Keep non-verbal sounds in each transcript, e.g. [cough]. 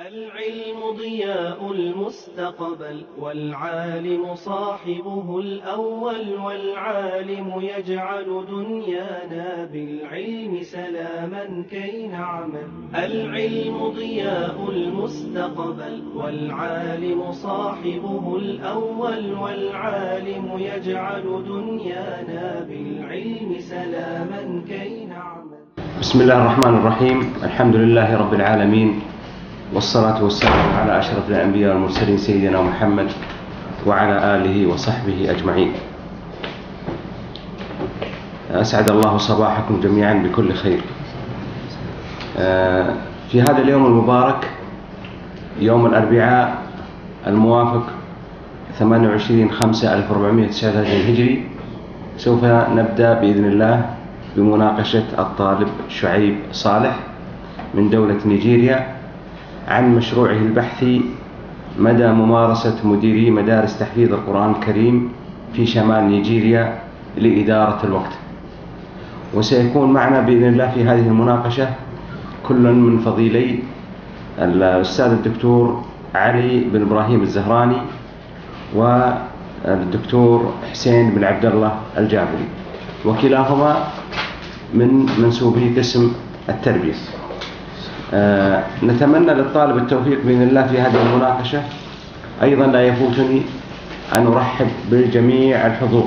العلم ضياء المستقبل والعالم صاحبه الأول والعالم يجعل دنيانا بالعلم سلاما كي نعمل العلم ضياء المستقبل والعالم صاحبه الأول والعالم يجعل دنيانا بالعلم سلاما كي نعمل بسم الله الرحمن الرحيم الحمد لله رب العالمين والصلاة والسلام على أشرف الأنبياء والمرسلين سيدنا محمد وعلى آله وصحبه أجمعين أسعد الله صباحكم جميعا بكل خير آه، في هذا اليوم المبارك يوم الأربعاء الموافق 28 5 1439 هجري سوف نبدأ بإذن الله بمناقشة الطالب شعيب صالح من دولة نيجيريا عن مشروعه البحثي مدى ممارسة مديري مدارس تحفيظ القرآن الكريم في شمال نيجيريا لإدارة الوقت وسيكون معنا بإذن الله في هذه المناقشة كل من فضيلي الأستاذ الدكتور علي بن إبراهيم الزهراني والدكتور حسين بن عبد الله الجابري وكلاهما من منسوبي قسم التربيه آه، نتمنى للطالب التوفيق بإذن الله في هذه المناقشة أيضا لا يفوتني أن أرحب بجميع الحضور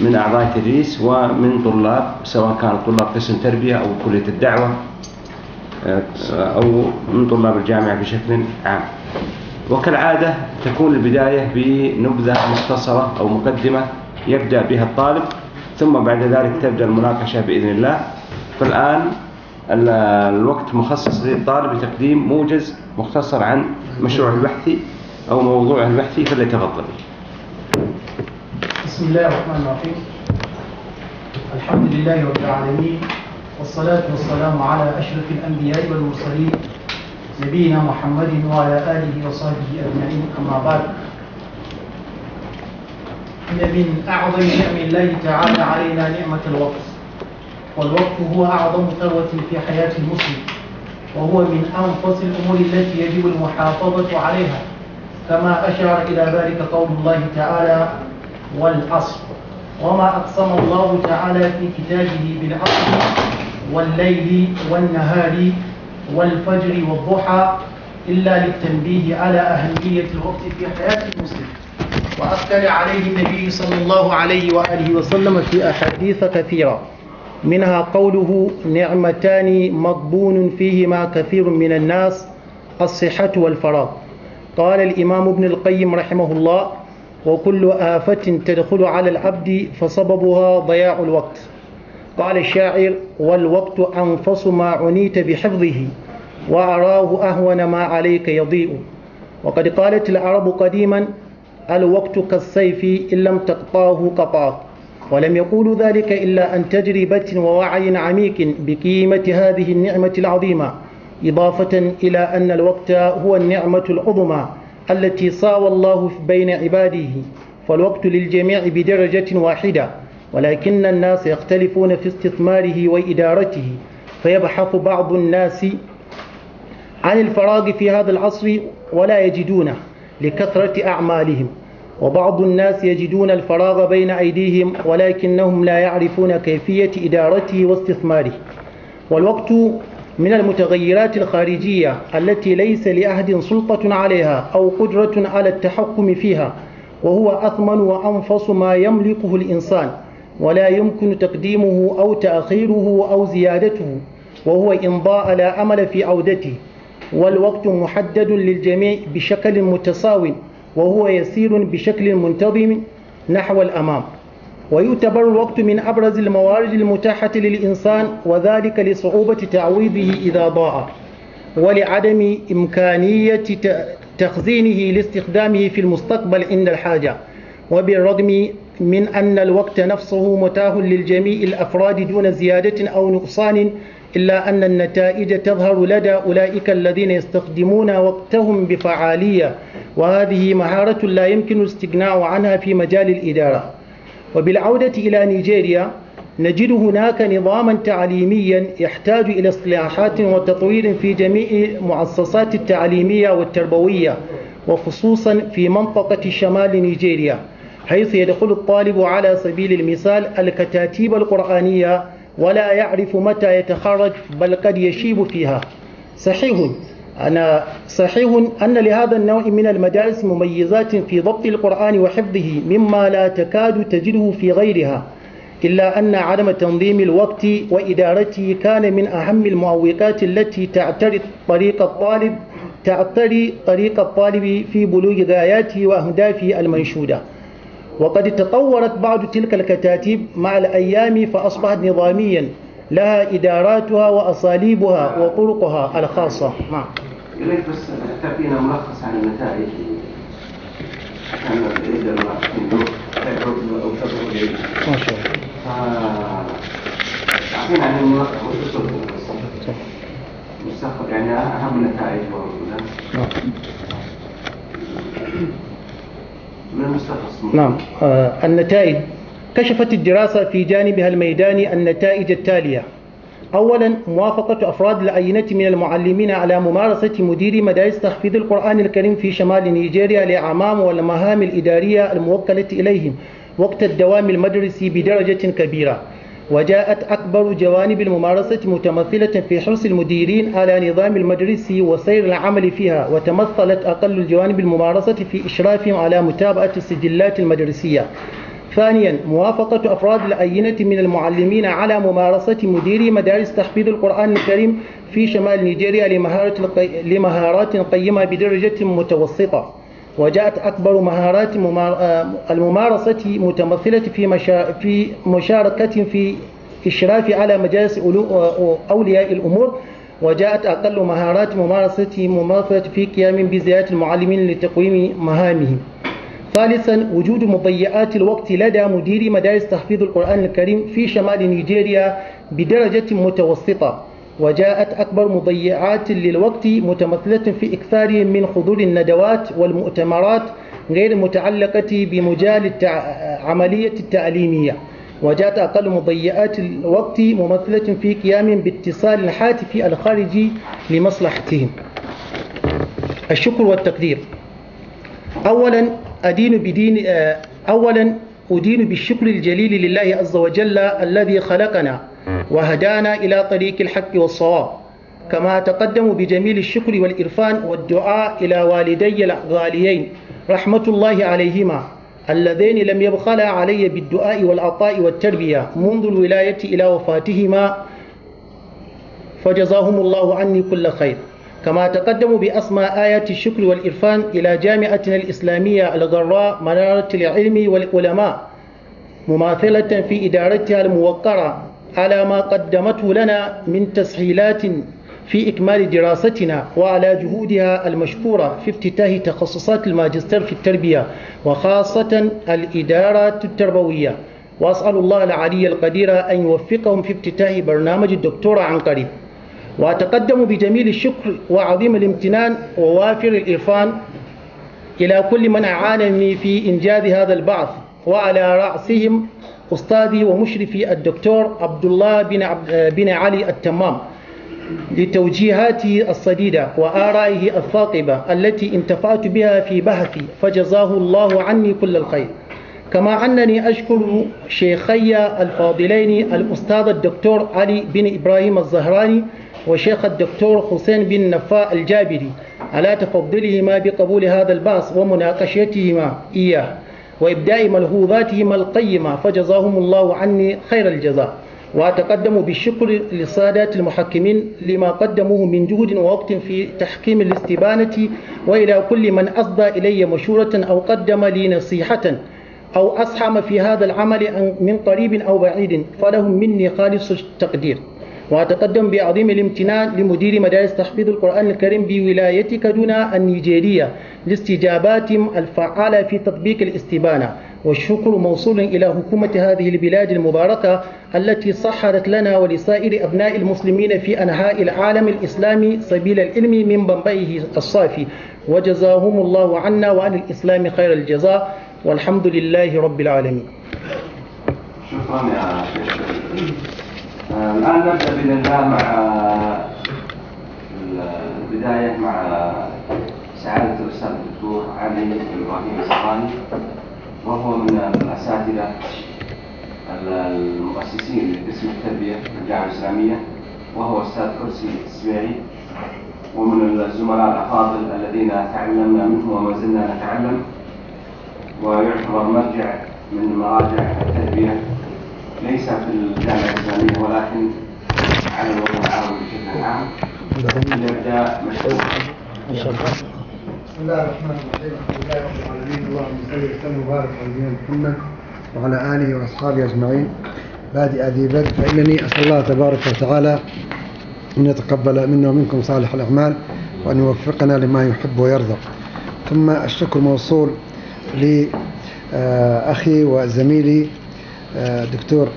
من أعضاء التدريس ومن طلاب سواء كان طلاب قسم تربية أو كلية الدعوة آه، أو من طلاب الجامعة بشكل عام وكالعادة تكون البداية بنبذة مختصرة أو مقدمة يبدأ بها الطالب ثم بعد ذلك تبدأ المناقشة بإذن الله فالآن الوقت مخصص للطالب لتقديم موجز مختصر عن مشروعه البحثي أو موضوعه البحثي فليتفضل بسم الله الرحمن الرحيم الحمد لله رب العالمين والصلاة والسلام على أشرف الأنبياء والمرسلين نبينا محمد وعلى آله وصحبه أجمعين أما بعد إن من أعظم نعم الله تعالى علينا نعمة الوقت والوقت هو أعظم ثروة في حياة المسلم وهو من أنفس الأمور التي يجب المحافظة عليها كما أشار إلى ذلك قول الله تعالى والعصر وما أقسم الله تعالى في كتابه بالعصر والليل والنهار والفجر والضحى إلا للتنبيه على أهمية الوقت في حياة المسلم وأكد عليه النبي صلى الله عليه وآله وسلم في أحاديث كثيرة منها قوله نعمتان مضبون فيهما كثير من الناس الصحة والفراغ قال الإمام ابن القيم رحمه الله وكل آفة تدخل على العبد فسببها ضياع الوقت قال الشاعر والوقت أنفس ما عنيت بحفظه وأراه أهون ما عليك يضيء وقد قالت العرب قديما الوقت كالسيف إن لم تقطعه قطعك ولم يقولوا ذلك إلا عن تجربة ووعي عميق بقيمة هذه النعمة العظيمة إضافة إلى أن الوقت هو النعمة العظمى التي صاوى الله بين عباده فالوقت للجميع بدرجة واحدة ولكن الناس يختلفون في استثماره وإدارته فيبحث بعض الناس عن الفراغ في هذا العصر ولا يجدونه لكثرة أعمالهم وبعض الناس يجدون الفراغ بين أيديهم ولكنهم لا يعرفون كيفية إدارته واستثماره والوقت من المتغيرات الخارجية التي ليس لأحد سلطة عليها أو قدرة على التحكم فيها وهو أثمن وأنفس ما يملكه الإنسان ولا يمكن تقديمه أو تأخيره أو زيادته وهو إمضاء لا أمل في عودته والوقت محدد للجميع بشكل متساوٍ وهو يسير بشكل منتظم نحو الأمام ويعتبر الوقت من أبرز الموارد المتاحة للإنسان وذلك لصعوبة تعويضه إذا ضاع ولعدم إمكانية تخزينه لاستخدامه في المستقبل عند الحاجة وبالرغم من أن الوقت نفسه متاح للجميع الأفراد دون زيادة أو نقصان إلا أن النتائج تظهر لدى أولئك الذين يستخدمون وقتهم بفعالية وهذه مهارة لا يمكن الاستغناء عنها في مجال الإدارة وبالعودة إلى نيجيريا نجد هناك نظاما تعليميا يحتاج إلى إصلاحات وتطوير في جميع المؤسسات التعليمية والتربوية وخصوصا في منطقة شمال نيجيريا حيث يدخل الطالب على سبيل المثال الكتاتيب القرآنية ولا يعرف متى يتخرج بل قد يشيب فيها صحيح أنا صحيح أن لهذا النوع من المدارس مميزات في ضبط القرآن وحفظه مما لا تكاد تجده في غيرها إلا أن عدم تنظيم الوقت وإدارته كان من أهم المعوقات التي تعتري طريق الطالب تعتري طريق الطالب في بلوغ غاياته وأهدافه المنشودة وقد تطورت بعض تلك الكتاتيب مع الأيام فأصبحت نظاميا لها إداراتها وأساليبها وطرقها الخاصة نعم إليك بس تعطينا ملخص عن النتائج ما شاء الله آه، تعطينا عن الملخص مستقبل يعني أهم النتائج من نعم آه النتائج كشفت الدراسة في جانبها الميداني النتائج التالية أولا موافقة أفراد العينة من المعلمين على ممارسة مدير مدارس تحفيظ القرآن الكريم في شمال نيجيريا لأعمام والمهام الإدارية الموكلة إليهم وقت الدوام المدرسي بدرجة كبيرة وجاءت أكبر جوانب الممارسة متمثلة في حرص المديرين على نظام المدرسة وسير العمل فيها وتمثلت أقل الجوانب الممارسة في إشرافهم على متابعة السجلات المدرسية ثانيا موافقة أفراد الأينة من المعلمين على ممارسة مديري مدارس تحفيظ القرآن الكريم في شمال نيجيريا لمهارات قيمة بدرجة متوسطة وجاءت أكبر مهارات آه، الممارسة متمثلة في, في مشاركة في إشراف على مجالس آه، أولياء الأمور وجاءت أقل مهارات ممارسة ممارسة في قيام بزيادة المعلمين لتقويم مهامهم ثالثا وجود مضيعات الوقت لدى مديري مدارس تحفيظ القرآن الكريم في شمال نيجيريا بدرجة متوسطة وجاءت أكبر مضيعات للوقت متمثلة في إكثار من حضور الندوات والمؤتمرات غير المتعلقة بمجال التع... عملية التعليمية وجاءت أقل مضيعات الوقت ممثلة في قيام باتصال الهاتفي الخارجي لمصلحتهم الشكر والتقدير أولا أدين بدين آه، أولا أدين بالشكر الجليل لله عز وجل الذي خلقنا وهدانا إلى طريق الحق والصواب كما تقدم بجميل الشكر والإرفان والدعاء إلى والدي الغاليين رحمة الله عليهما اللذين لم يبخلا علي بالدعاء والعطاء والتربية منذ الولاية إلى وفاتهما فجزاهم الله عني كل خير كما تقدم بأسماء آيات الشكر والإرفان إلى جامعتنا الإسلامية الغراء منارة العلم والعلماء مماثلة في إدارتها الموقرة على ما قدمته لنا من تسهيلات في إكمال دراستنا وعلى جهودها المشكورة في افتتاح تخصصات الماجستير في التربية وخاصة الإدارة التربوية وأسأل الله العلي القدير أن يوفقهم في افتتاح برنامج الدكتورة عن قريب وأتقدم بجميل الشكر وعظيم الامتنان ووافر الإرفان إلى كل من أعانني في إنجاز هذا البعث وعلى رأسهم أستاذي ومشرفي الدكتور عبد الله بن, عبد بن علي التمام لتوجيهاته الصديدة وآرائه الثاقبة التي انتفعت بها في بحثي فجزاه الله عني كل الخير كما أنني أشكر شيخي الفاضلين الأستاذ الدكتور علي بن إبراهيم الزهراني وشيخ الدكتور حسين بن نفاء الجابري على تفضلهما بقبول هذا البعث ومناقشتهما إياه وإبداء ملحوظاتهم القيمة فجزاهم الله عني خير الجزاء وأتقدم بالشكر للسادات المحكمين لما قدموه من جهد ووقت في تحكيم الاستبانة وإلى كل من أصدى إلي مشورة أو قدم لي نصيحة أو أسهم في هذا العمل من قريب أو بعيد فلهم مني خالص التقدير وأتقدم بعظيم الامتنان لمدير مدارس تحفيظ القرآن الكريم بولاية كادونا النيجيرية لاستجاباتهم الفعالة في تطبيق الاستبانة والشكر موصول إلى حكومة هذه البلاد المباركة التي سحرت لنا ولسائر أبناء المسلمين في أنحاء العالم الإسلامي سبيل العلم من بمبئه الصافي وجزاهم الله عنا وعن الإسلام خير الجزاء والحمد لله رب العالمين شكرا يا شيخ الآن نبدأ بإذن الله مع البداية مع سعادة الأستاذ الدكتور علي إبراهيم الزهراني وهو من الأساتذة المؤسسين لقسم التربية في الجامعة الإسلامية وهو أستاذ كرسي السبيعي ومن الزملاء الأفاضل الذين تعلمنا منه وما زلنا نتعلم ويعتبر مرجع من مراجع التربية ليس في الجامعه الاسلاميه ولكن على الوضع العربي بشكل عام نبدا مشروع بسم الله الرحمن الرحيم الحمد لله رب العالمين اللهم صل وسلم وبارك على نبينا محمد وعلى اله واصحابه اجمعين بادئ ذي بدء فانني اسال الله تبارك وتعالى ان يتقبل منا ومنكم صالح الاعمال وان يوفقنا لما يحب ويرضى ثم الشكر موصول لأخي وزميلي آه، دكتور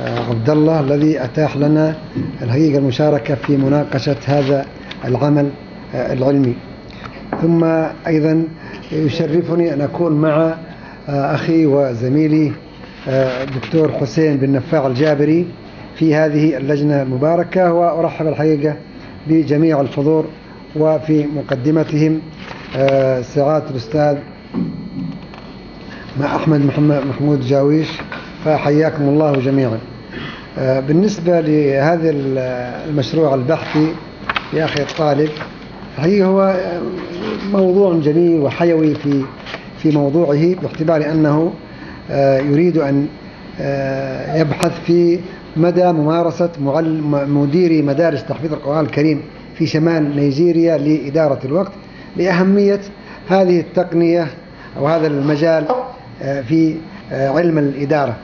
آه، عبد الله الذي أتاح لنا الحقيقة المشاركة في مناقشة هذا العمل آه، العلمي ثم أيضا يشرفني أن أكون مع أخي وزميلي دكتور حسين بن نفاع الجابري في هذه اللجنة المباركة وأرحب الحقيقة بجميع الحضور وفي مقدمتهم سعادة الأستاذ مع أحمد محمود جاويش فحياكم الله جميعا آه، بالنسبة لهذا المشروع البحثي يا أخي الطالب هي هو آه، موضوع جميل وحيوي في في موضوعه باعتبار أنه آه، يريد أن يبحث في مدى ممارسة مديري مدارس تحفيظ القرآن الكريم في شمال نيجيريا لإدارة الوقت لأهمية هذه التقنية أو هذا المجال في علم الإدارة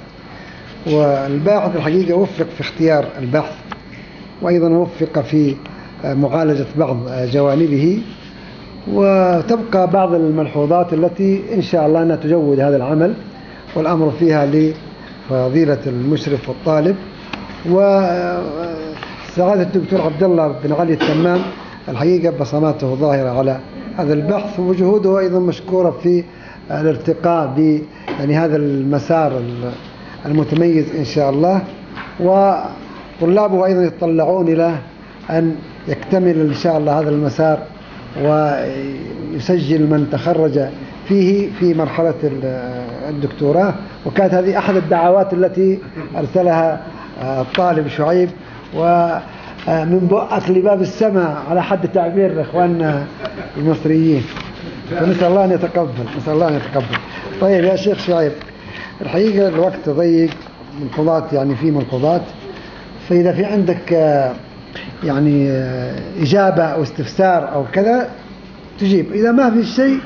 والباحث الحقيقة وفق في اختيار البحث وأيضا وفق في آه، معالجة بعض آه، جوانبه وتبقى بعض الملحوظات التي إن شاء الله أنها تجود هذا العمل والأمر فيها لفضيلة المشرف والطالب وسعادة آه، الدكتور عبد الله بن علي التمام الحقيقة بصماته ظاهرة على هذا البحث وجهوده أيضا مشكورة في الارتقاء ب يعني هذا المسار المتميز إن شاء الله وطلابه أيضا يتطلعون إلى أن يكتمل إن شاء الله هذا المسار ويسجل من تخرج فيه في مرحلة الدكتوراه وكانت هذه أحد الدعوات التي أرسلها الطالب آه، شعيب ومن آه، بؤك لباب السماء على حد تعبير إخواننا آه، المصريين فنسأل الله أن يتقبل نسأل الله أن يتقبل طيب يا شيخ شعيب الحقيقة الوقت ضيق ملحوظات يعني في ملحوظات فإذا في عندك آه، يعني آه، إجابة أو استفسار أو كذا تجيب إذا ما في شيء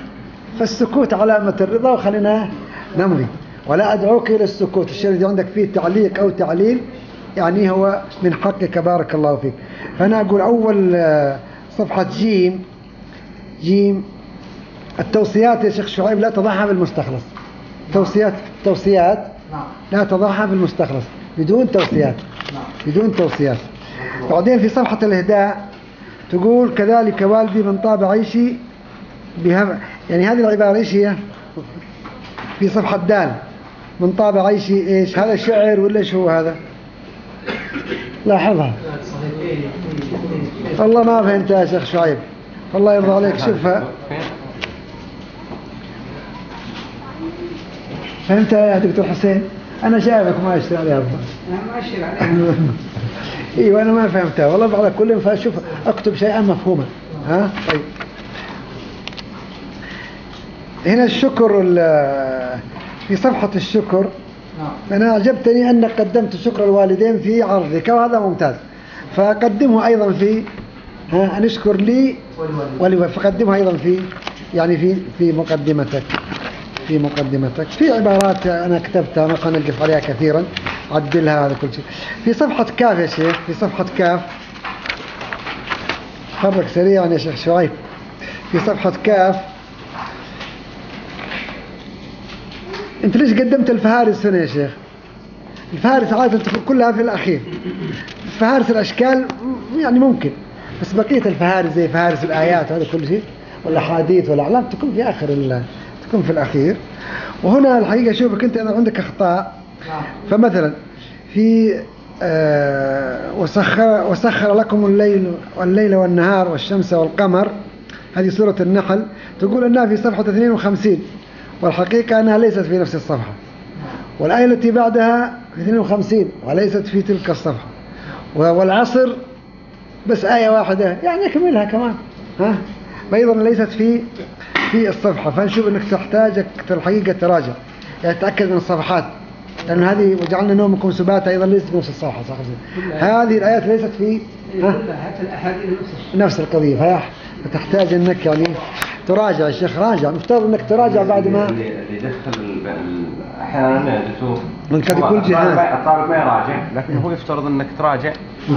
فالسكوت علامة الرضا وخلينا نمضي ولا أدعوك إلى السكوت الشيء الذي عندك فيه تعليق أو تعليل يعني هو من حقك بارك الله فيك فأنا أقول أول آه، صفحة جيم جيم التوصيات يا شيخ شعيب لا تضعها بالمستخلص توصيات توصيات نعم. لا في بالمستخلص بدون توصيات نعم. بدون توصيات بعدين في صفحة الإهداء تقول كذلك والدي من طاب عيشي بها يعني هذه العبارة إيش هي في صفحة دال من طاب عيشي إيش هذا شعر ولا إيش هو هذا لاحظها والله ما فهمتها يا شيخ شعيب الله يرضى عليك شوفها فهمت يا دكتور حسين انا شايفك ما اشتري عليها انا ما اشتري عليها [laughs] ايوه انا ما فهمتها والله على كل فاشوف اكتب شيئا مفهوما ها طيب هنا الشكر في صفحة الشكر نعم. أنا أعجبتني أنك قدمت شكر الوالدين في عرضك وهذا ممتاز فقدمه أيضا في ها نشكر لي فقدمه أيضا في يعني في في مقدمتك في مقدمتك في عبارات أنا كتبتها ما خلينا نقف عليها كثيرا عدلها هذا كل شيء في صفحة كاف يا شيخ في صفحة كاف حرك سريعا يا شيخ شعيب في صفحة كاف انت ليش قدمت الفهارس هنا يا شيخ الفهارس عادة تكون كلها في الأخير فهارس الأشكال يعني ممكن بس بقية الفهارس زي فهارس الآيات وهذا كل شيء والأحاديث والأعلام تكون في آخر تكون في الأخير وهنا الحقيقة شوفك أنت اذا عندك أخطاء نعم. فمثلا في آه، وسخر, وسخر لكم الليل والليل والنهار والشمس والقمر هذه سورة النحل تقول أنها في صفحة 52 والحقيقة أنها ليست في نفس الصفحة والآية التي بعدها في 52 وليست في تلك الصفحة والعصر بس آية واحدة يعني أكملها كمان ها أيضا ليست في في الصفحة فنشوف انك تحتاجك في الحقيقة تراجع يعني تأكد من الصفحات لأن هذه وجعلنا نومكم سباتا أيضا ليست نفس الصفحة صح هذه الآيات ليست في الأحاديث نفس القضية فتحتاج انك يعني تراجع يا شيخ راجع مفترض انك تراجع بعد ما اللي يدخل احيانا من قد كل جهاز الطالب ما يراجع لكن هو نعم. يفترض انك تراجع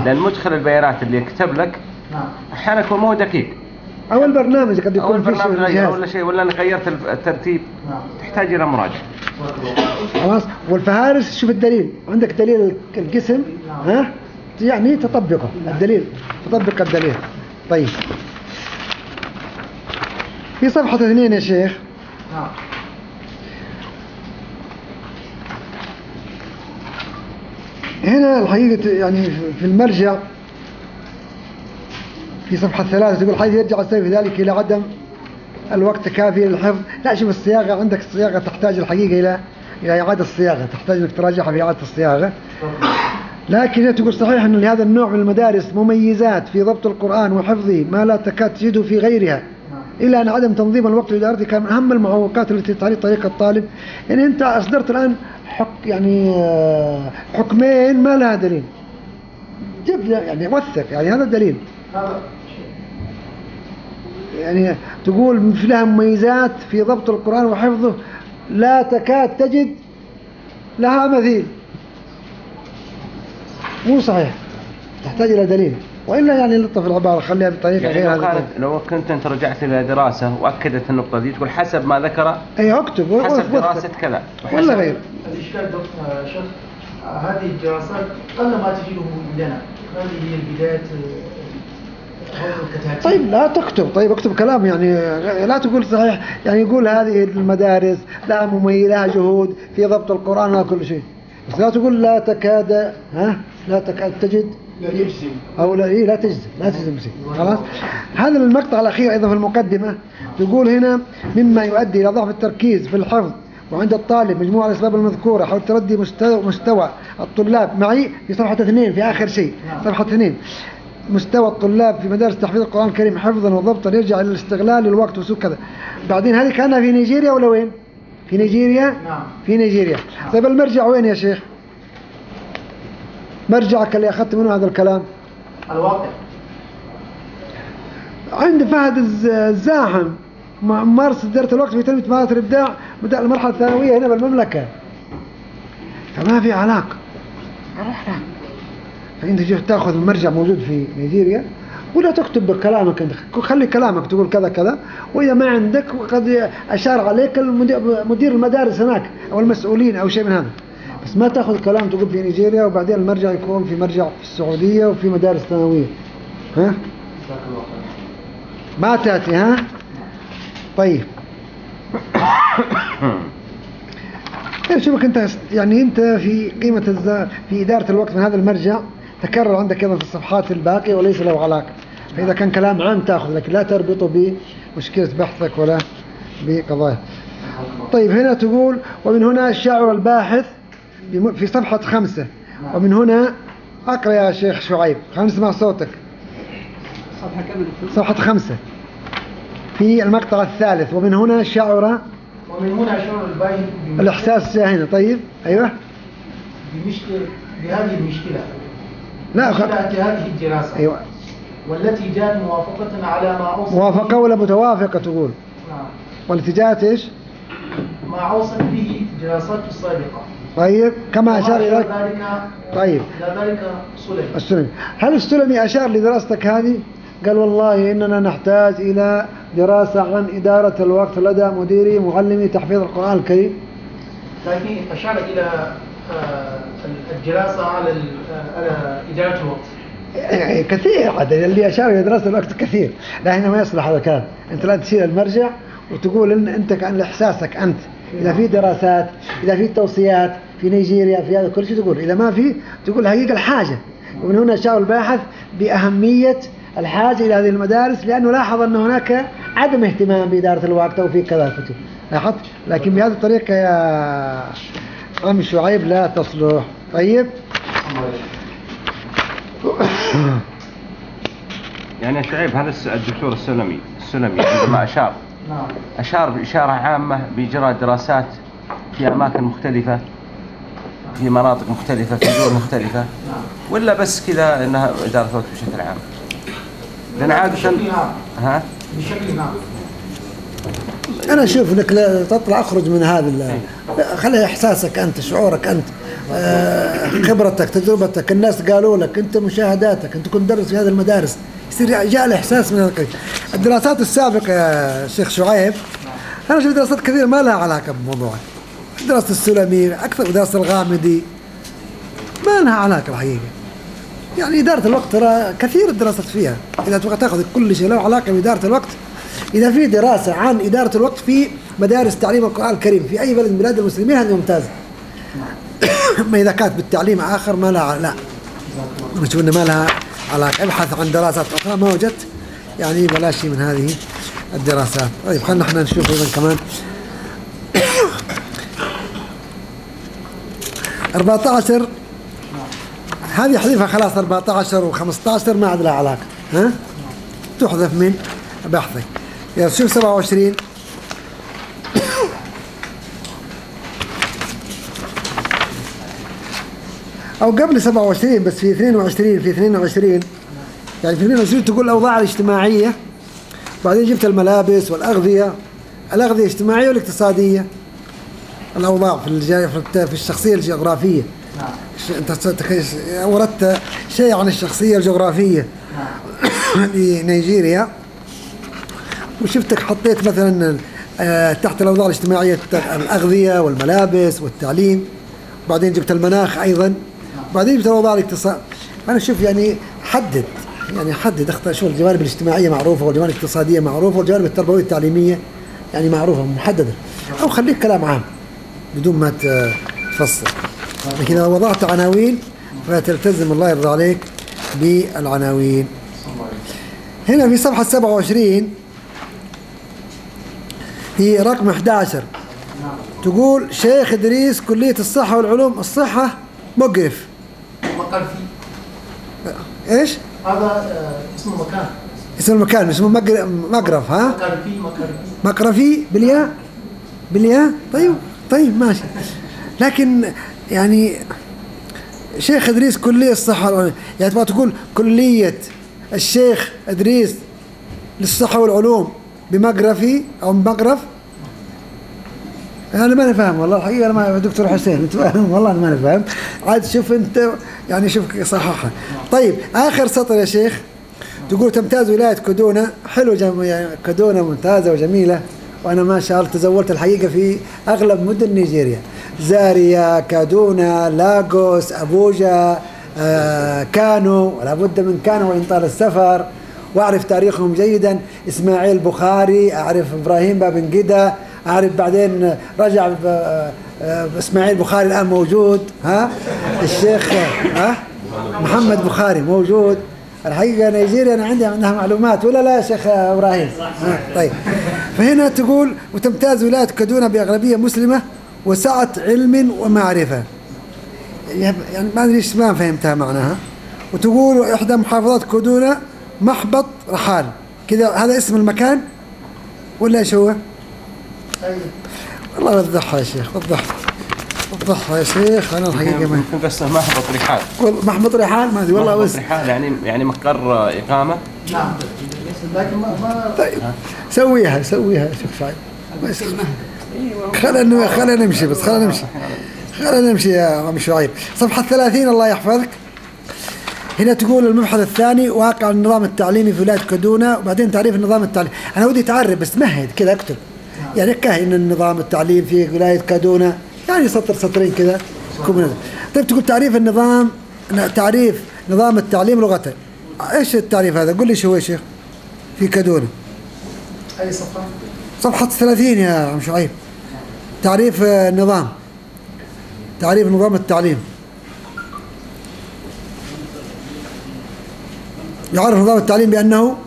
لان مدخل البيانات اللي يكتب لك نعم. احيانا يكون مو دقيق اول برنامج قد يكون اول برنامج ولا شيء ولا غيرت الترتيب نعم. تحتاج الى مراجعه خلاص والفهارس شوف الدليل عندك دليل القسم نعم. ها يعني تطبقه الدليل تطبق الدليل طيب في صفحة اثنين يا شيخ نعم. هنا الحقيقة يعني في المرجع في صفحة ثلاثة تقول حيث يرجع السبب في ذلك إلى عدم الوقت كافي للحفظ لا شوف الصياغة عندك الصياغة تحتاج الحقيقة إلى إلى إعادة الصياغة تحتاج إنك تراجعها في إعادة الصياغة لكن تقول صحيح أن لهذا النوع من المدارس مميزات في ضبط القرآن وحفظه ما لا تكاد تجده في غيرها إلا أن عدم تنظيم الوقت الإداري كان من أهم المعوقات التي تعرض طريق الطالب يعني أنت أصدرت الآن حق يعني آه، حكمين ما لها دليل جب يعني وثق يعني هذا دليل هذا يعني تقول في لها مميزات في ضبط القرآن وحفظه لا تكاد تجد لها مثيل مو صحيح تحتاج إلى دليل وإلا يعني لطف العبارة خليها بطريقة يعني غير لو قالت لو كنت أنت رجعت إلى دراسة وأكدت النقطة دي تقول حسب ما ذكر أي أكتب حسب دراسة كذا ولا غير الإشكال دكتور هذه الدراسات قل ما تجده عندنا هذه هي البدايات طيب لا تكتب طيب اكتب كلام يعني لا تقول صحيح يعني يقول هذه المدارس لها مميز لها جهود في ضبط القرآن لها كل شيء بس لا تقول لا تكاد ها لا تكاد تجد لا تجزم او لا إيه لا تجزم لا تجزم خلاص هذا المقطع الاخير ايضا في المقدمه يقول هنا مما يؤدي الى ضعف التركيز في الحفظ وعند الطالب مجموعة الأسباب المذكورة حول تردي مستوى, مستوى الطلاب معي في صفحة اثنين في آخر شيء نعم. صفحة اثنين مستوى الطلاب في مدارس تحفيظ القرآن الكريم حفظا وضبطا يرجع إلى الاستغلال للوقت وسوء كذا بعدين هذه كانها في نيجيريا ولا وين؟ في نيجيريا؟ نعم في نيجيريا نعم. طيب المرجع وين يا شيخ؟ مرجعك اللي أخذت منه هذا الكلام؟ الواقع عند فهد الزاحم مارس إدارة الوقت في تنمية مهارات الإبداع بدأ المرحلة الثانوية هنا بالمملكة فما في علاقة فانت تجي تاخذ المرجع موجود في نيجيريا ولا تكتب بكلامك انت خلي كلامك تقول كذا كذا واذا ما عندك قد اشار عليك مدير المدارس هناك او المسؤولين او شيء من هذا بس ما تاخذ كلام تقول في نيجيريا وبعدين المرجع يكون في مرجع في السعوديه وفي مدارس ثانويه ها ما تاتي ها طيب, [coughs] طيب، شوفك انت يعني انت في قيمه في اداره الوقت من هذا المرجع تكرر عندك أيضا في الصفحات الباقية وليس له علاقة فإذا كان كلام عام تأخذ لكن لا تربطه بمشكلة بحثك ولا بقضايا طيب هنا تقول ومن هنا الشاعر الباحث في صفحة خمسة ومن هنا أقرأ يا شيخ شعيب خلينا نسمع صوتك صفحة صفحة خمسة في المقطع الثالث ومن هنا شعر ومن هنا شعر الباحث الإحساس هنا طيب أيوه بمشكلة بهذه المشكلة لا بدأت هذه الدراسة أيوة. والتي جاءت موافقة على ما أوصى موافقة ولا متوافقة تقول نعم والتي جاءت إيش ما أوصت به دراسات السابقة طيب كما أشار إلى ذلك طيب إلى ذلك السلمي هل السلمي أشار لدراستك هذه قال والله إننا نحتاج إلى دراسة عن إدارة الوقت لدى مديري معلمي تحفيظ القرآن الكريم لكن أشار إلى آه الدراسه على على إدارة الوقت إيه، كثير عاد اللي أشار إلى دراسة الوقت كثير لا هنا ما يصلح هذا الكلام أنت لا تشيل المرجع وتقول أن أنت كان إحساسك أنت إذا في دراسات إذا في توصيات في نيجيريا في هذا كل شيء تقول إذا ما في تقول حقيقة الحاجة ومن هنا شاء الباحث بأهمية الحاجة إلى هذه المدارس لأنه لاحظ أن هناك عدم اهتمام بإدارة الوقت أو في كذا لاحظت لكن بهذه الطريقة يا أم شعيب لا تصلح طيب [coughs] يعني شعيب هذا الدكتور السلمي السلمي عندما أشار نعم. أشار بإشارة عامة بإجراء دراسات في أماكن مختلفة في مناطق مختلفة في دول مختلفة نعم. ولا بس كذا أنها إدارة الوقت بشكل عام لأن عادة ها بشكل عام انا اشوف انك لا تطلع اخرج من هذا خلي احساسك انت شعورك انت آه، خبرتك تجربتك الناس قالوا لك انت مشاهداتك انت كنت تدرس في هذه المدارس يصير جاء الاحساس من هذا الدراسات السابقه يا شيخ شعيب انا شفت دراسات كثيره ما لها علاقه بموضوع دراسه السلمي اكثر دراسه الغامدي ما لها علاقه الحقيقه يعني اداره الوقت ترى كثير الدراسات فيها اذا تبغى تاخذ كل شيء له علاقه باداره الوقت إذا في دراسة عن إدارة الوقت في مدارس تعليم القرآن الكريم في أي بلد من بلاد المسلمين هذه ممتازة أما [coughs] إذا كانت بالتعليم آخر ما لها لا نشوف ما لها علاقة ابحث عن دراسات أخرى ما وجدت يعني ولا شيء من هذه الدراسات طيب خلينا احنا نشوف أيضا كمان 14 [coughs] هذه حذفها خلاص 14 و15 ما عاد لها علاقة ها تحذف من بحثك يلا شوف 27 او قبل 27 بس في 22 في 22 يعني في 22 تقول الاوضاع الاجتماعيه بعدين جبت الملابس والاغذيه الاغذيه الاجتماعيه والاقتصاديه الاوضاع في في الشخصيه الجغرافيه نعم. انت وردت شيء عن الشخصيه الجغرافيه لنيجيريا نعم. [coughs] وشفتك حطيت مثلا آه، تحت الاوضاع الاجتماعيه الاغذيه والملابس والتعليم بعدين جبت المناخ ايضا بعدين جبت الاوضاع الاقتصاد انا شوف يعني حدد يعني حدد اختار شو الجوانب الاجتماعيه معروفه والجوانب الاقتصاديه معروفه والجوانب التربويه التعليميه يعني معروفه محدده او خليك كلام عام بدون ما تفصل لكن اذا وضعت عناوين فتلتزم الله يرضى عليك بالعناوين هنا في صفحه 27 هي رقم 11 تقول شيخ إدريس كلية الصحة والعلوم الصحة مقرف مقر فيه إيش؟ هذا آه، اسمه مكان اسم المكان اسمه مقر... مقرف ها؟ مقرفي مقرفي مقرفي بالياء بالياء طيب طيب ماشي لكن يعني شيخ ادريس كليه الصحه يعني تبغى تقول كليه الشيخ ادريس للصحه والعلوم بمقرفي او بمقرف انا ما فاهم والله الحقيقه انا ما دكتور حسين انت فاهم [laughs] والله انا ما فاهم عاد شوف انت يعني شوف صححها طيب اخر سطر يا شيخ تقول تمتاز ولايه كدونا حلو جم... يعني كدونا ممتازه وجميله وانا ما شاء الله تزولت الحقيقه في اغلب مدن نيجيريا زاريا كادونا لاغوس ابوجا آه كانو ولا بد من كانو وان طال السفر واعرف تاريخهم جيدا اسماعيل بخاري اعرف ابراهيم بابن جدة اعرف بعدين رجع آه، اسماعيل بخاري الان موجود ها الشيخ ها محمد بخاري موجود الحقيقه نيجيريا انا عندي عندها معلومات ولا لا يا شيخ ابراهيم؟ طيب فهنا تقول وتمتاز ولايه كادونا باغلبيه مسلمه وسعه علم ومعرفه يعني ما ادري ايش ما فهمتها معناها وتقول احدى محافظات كدونا محبط رحال كذا هذا اسم المكان ولا ايش هو؟ والله وضحها يا شيخ وضحها وضحها يا شيخ انا الحقيقه ما بس محبط رحال محبط رحال ما ادري والله محبط بس رحال يعني يعني مقر اقامه نعم لكن ما ما طيب سويها سويها شوف فايد خلنا خلنا نمشي بس خلنا نمشي خلنا نمشي يا عم شعيب صفحه 30 الله يحفظك هنا تقول المبحث الثاني واقع النظام التعليمي في ولايه كادونا وبعدين تعريف النظام التعليمي انا ودي تعرف بس مهد كذا اكتب نعم. يعني كاين النظام التعليم في ولايه كادونا يعني سطر سطرين كذا طيب تقول تعريف النظام تعريف نظام التعليم لغه ايش التعريف هذا قول لي شو يا شيخ في كادونا اي صفحه صفحه 30 يا عم شعيب تعريف النظام تعريف نظام التعليم يعرف نظام التعليم بأنه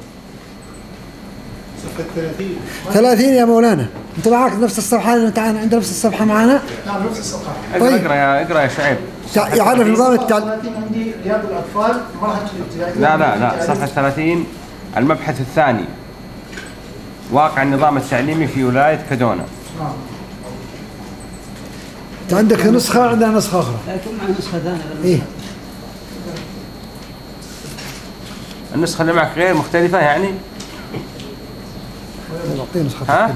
صفحة 30 30 يا مولانا أنت معك نفس الصفحة أنت عند نفس الصفحة معنا؟ نعم نفس الصفحة طيب اقرأ يا اقرأ يا شعيب يعرف نظام التعليم عندي الأطفال لا لا لا صفحة 30 المبحث الثاني واقع النظام التعليمي في ولاية كدونة انت عندك نسخة عندنا نسخة أخرى. يكون معنا نسخة ثانية. إيه. النسخة اللي معك غير مختلفة يعني أعطيني ها؟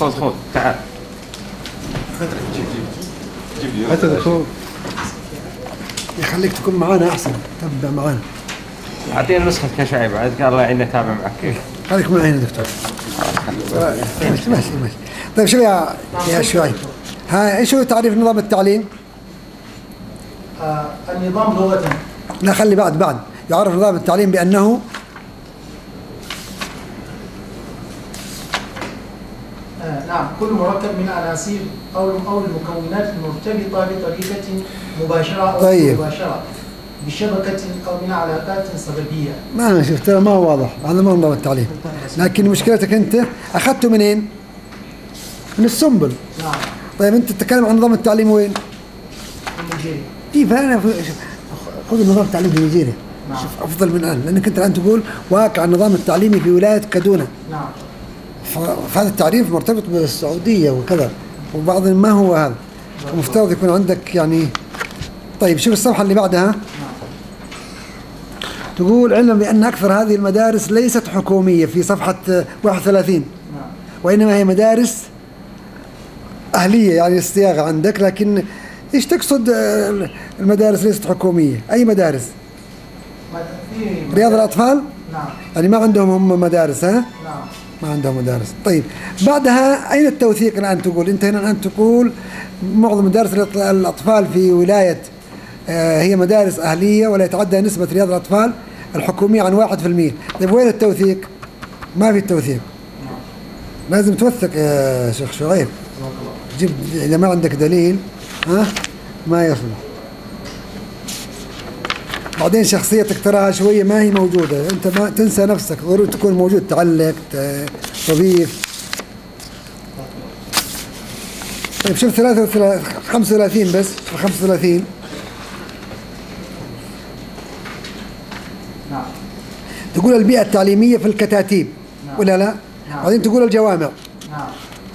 خذ خذ تعال هات خذ يخليك تكون معانا احسن تبع معانا اعطينا نسخة كشعيب عاد الله يعيننا تابع معك خليك من عيني دكتور ماشي ماشي طيب شوف يا يا شعيب ها ايش هو تعريف نظام التعليم؟ آه النظام لغة لا خلي بعد بعد يعرف نظام التعليم بأنه آه، نعم كل مركب من عناصر أو أو المكونات المرتبطة بطريقة مباشرة أو طيب. مباشرة بشبكة أو من علاقات سببية ما شفت ما هو واضح هذا ما ضابط التعليم لكن مشكلتك أنت أخذته منين؟ من السنبل نعم طيب أنت تتكلم عن نظام التعليم وين؟ في نيجيريا كيف فأنا خذ نظام التعليم في نيجيريا نعم. شوف افضل من الان لانك انت الان تقول واقع النظام التعليمي في ولايه كادونا نعم فهذا التعريف مرتبط بالسعوديه وكذا وبعض ما هو هذا المفترض يكون عندك يعني طيب شوف الصفحه اللي بعدها نعم. تقول علما بان اكثر هذه المدارس ليست حكوميه في صفحه 31 نعم. وانما هي مدارس اهليه يعني الصياغه عندك لكن ايش تقصد آه، المدارس ليست حكوميه اي مدارس رياض الأطفال؟ نعم يعني ما عندهم هم مدارس ها؟ نعم ما عندهم مدارس طيب بعدها أين التوثيق الآن تقول أنت هنا الآن تقول معظم مدارس الأطفال في ولاية آه، هي مدارس أهلية ولا يتعدى نسبة رياض الأطفال الحكومية عن 1% طيب وين التوثيق؟ ما في توثيق لازم توثق يا شيخ شعيب جيب إذا ما عندك دليل ها ما يصلح بعدين شخصيتك تراها شوية ما هي موجودة أنت ما تنسى نفسك ضروري تكون موجود تعلق تضيف طيب شوف 33 35 بس 35 نعم تقول البيئة التعليمية في الكتاتيب نعم. ولا لا؟ نعم. بعدين تقول الجوامع نعم